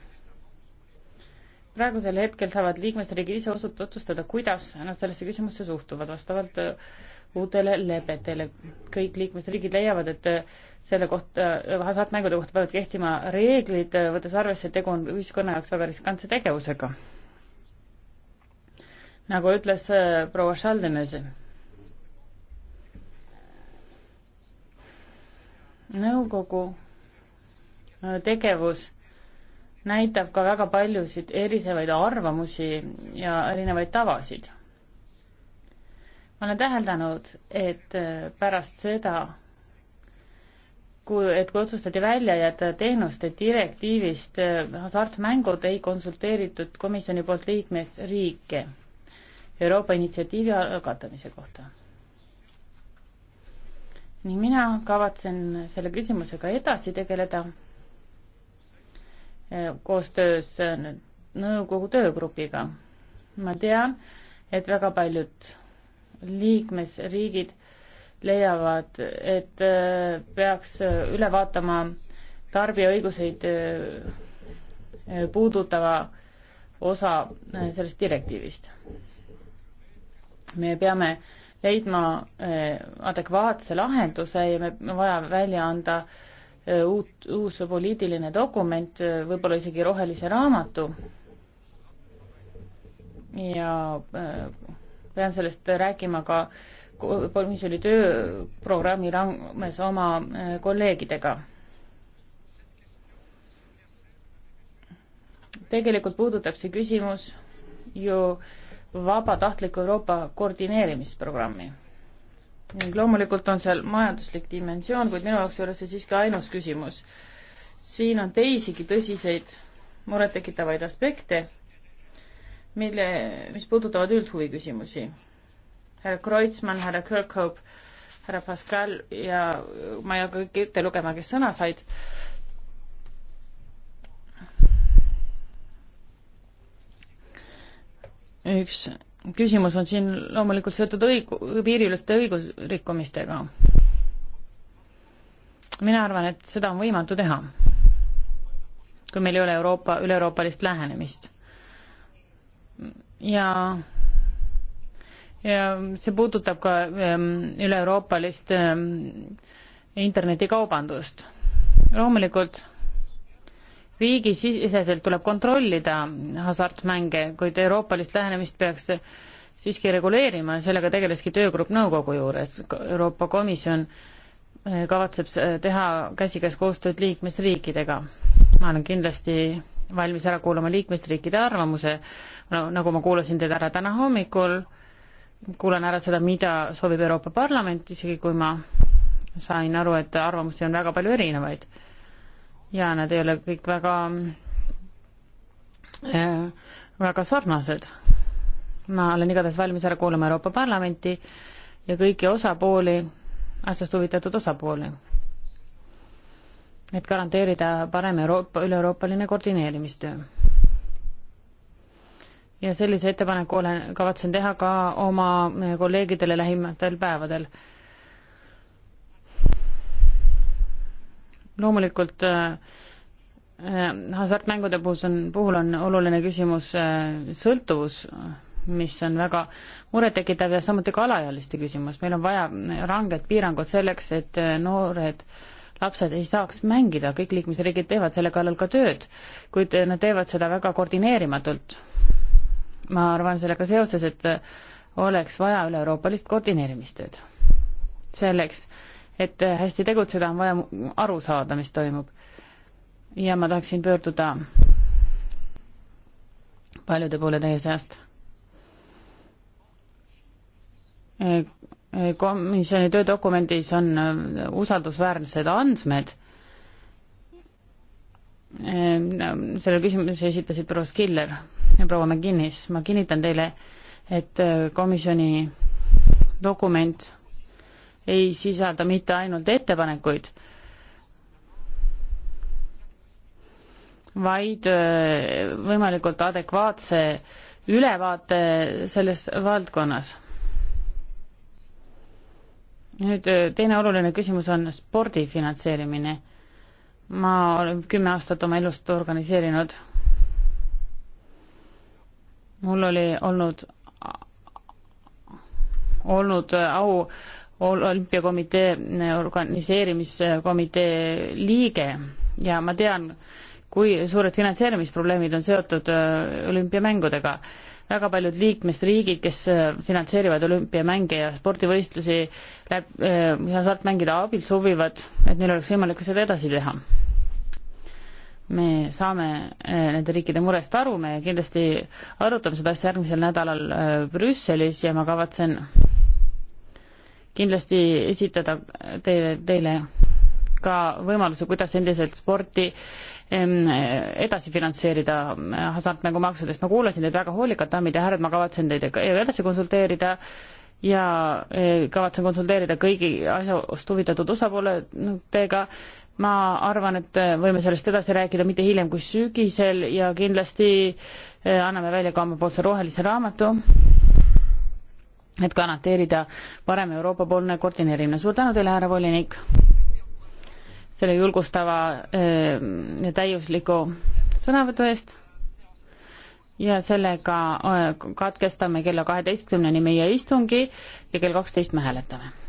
Speaker 5: praegusel hetkel saavad liikmesriigid ise otsustada, kuidas nad sellesse küsimusse suhtuvad, vastavalt eh, uutele lepetele. kõik liikmesriigid leiavad, et selle kohta, hasartmängude kohta peavad kehtima reeglid, võttes arvesse, et tegu on ühiskonna jaoks väga riskantse tegevusega. nagu ütles proua Schaldemöse nõukogu äh, tegevus näitab ka väga paljusid erisevaid arvamusi ja erinevaid tavasid. ma olen täheldanud, et äh, pärast seda, kui, et kui otsustati välja jätta teenuste direktiivist äh, hasartmängud, ei konsulteeritud komisjoni poolt liikmesriike Euroopa initsiatiivi algatamise kohta ning mina kavatsen selle küsimusega edasi tegeleda eh, koostöös eh, nõukogu töögrupiga. ma tean, et väga paljud liikmesriigid leiavad, et eh, peaks üle vaatama tarbija õiguseid puudutava osa sellest direktiivist. me peame äh, leidma eh, adekvaatse lahenduse ja me, me vaja välja anda eh, uut, uus poliitiline dokument, eh, võib-olla isegi rohelise raamatu. ja pean sellest rääkima ka komisjoni tööprogrammi raames oma kolleegidega. tegelikult puudutab see küsimus ju äh, vabatahtliku Euroopa koordineerimisprogrammi. ning loomulikult on seal majanduslik dimensioon, kuid minu jaoks ei ole see siiski ainus küsimus. siin on teisigi tõsiseid murettekitavaid aspekte, mille, mis puudutavad üldhuvi küsimusi. härra Kreutzmann, härra Kirkhope, härra Pascal ja ma ei hakka kõiki ette lugema, kes sõna said üks küsimus on siin loomulikult seotud õigu-, piiriüleste õigusrikkumistega. mina arvan, et seda on võimatu teha, kui meil ei ole Euroopa, üle-euroopalist lähenemist. ja ja see puudutab ka ehm, üle-euroopalist ehm, internetikaubandust. loomulikult riigisiseselt tuleb kontrollida hasartmänge, kuid euroopalist lähenemist peaks siiski reguleerima ja sellega tegeleski töögrupp nõukogu juures. Euroopa Komisjon eh, kavatseb teha käsikäes koostööd liikmesriikidega. ma olen kindlasti valmis ära kuulama liikmesriikide arvamuse, nagu ma kuulasin teid ära täna hommikul, kuulan ära seda, mida soovib Euroopa Parlament, isegi kui ma sain aru, et arvamusi on väga palju erinevaid ja nad ei ole kõik väga äh, väga sarnased. ma olen igatahes valmis ära kuulama Euroopa Parlamenti ja kõiki osapooli, asjast huvitatud osapooli. et garanteerida parem Euroopa, üle-euroopaline koordineerimistöö. ja sellise ettepaneku olen, kavatsen teha ka oma kolleegidele lähimatel päevadel loomulikult äh, äh, hasartmängude puhul on, puhul on oluline küsimus äh, sõltuvus, mis on väga murettekitav ja samuti ka alaealiste küsimus. meil on vaja ranged piirangud selleks, et noored lapsed ei saaks mängida, kõik liikmesriigid teevad selle kallal ka tööd, kuid nad teevad seda väga koordineerimatult. ma arvan sellega seoses, et oleks vaja üle-euroopalist koordineerimistööd. selleks, et hästi tegutseda, on vaja aru saada, mis toimub. ja ma tahaksin pöörduda paljude poole teie seast. komisjoni töödokumendis on usaldusväärsed andmed, selle küsimuse esitasid proua Skiller ja proua McGinnis, ma kinnitan teile, et komisjoni dokument ei sisalda mitte ainult ettepanekuid, vaid äh, võimalikult adekvaatse ülevaate selles valdkonnas. nüüd äh, teine oluline küsimus on spordi finantseerimine. ma olen kümme aastat oma elust organiseerinud. mul oli olnud, olnud au olümpiakomitee organiseerimiskomitee liige ja ma tean, kui suured finantseerimisprobleemid on seotud äh, olümpiamängudega. väga paljud liikmesriigid, kes äh, finantseerivad olümpiamänge ja spordivõistlusi läb- äh,, hasartmängide abil soovivad, et neil oleks võimalik ka seda edasi teha. me saame äh, nende riikide murest aru, me kindlasti arutame seda asja järgmisel nädalal äh, Brüsselis ja ma kavatsen kindlasti esitada teile, teile ka võimaluse, kuidas endiselt sporti edasi finantseerida hasartmängumaksudest. ma kuulasin teid väga hoolikalt, daamid ja härrad, ma kavatsen teid edasi konsulteerida ja e, kavatsen konsulteerida kõigi asjast huvitatud osapooletega. ma arvan, et võime sellest edasi rääkida mitte hiljem kui sügisel ja kindlasti e, anname välja ka omapoolse rohelise raamatu et garanteerida parem Euroopa-poolne koordineerimine. suur tänu teile, härra volinik, selle julgustava ja eh, täiusliku sõnavõtu eest ja sellega eh, katkestame kella kaheteistkümneni meie istungi ja kell kaksteist me hääletame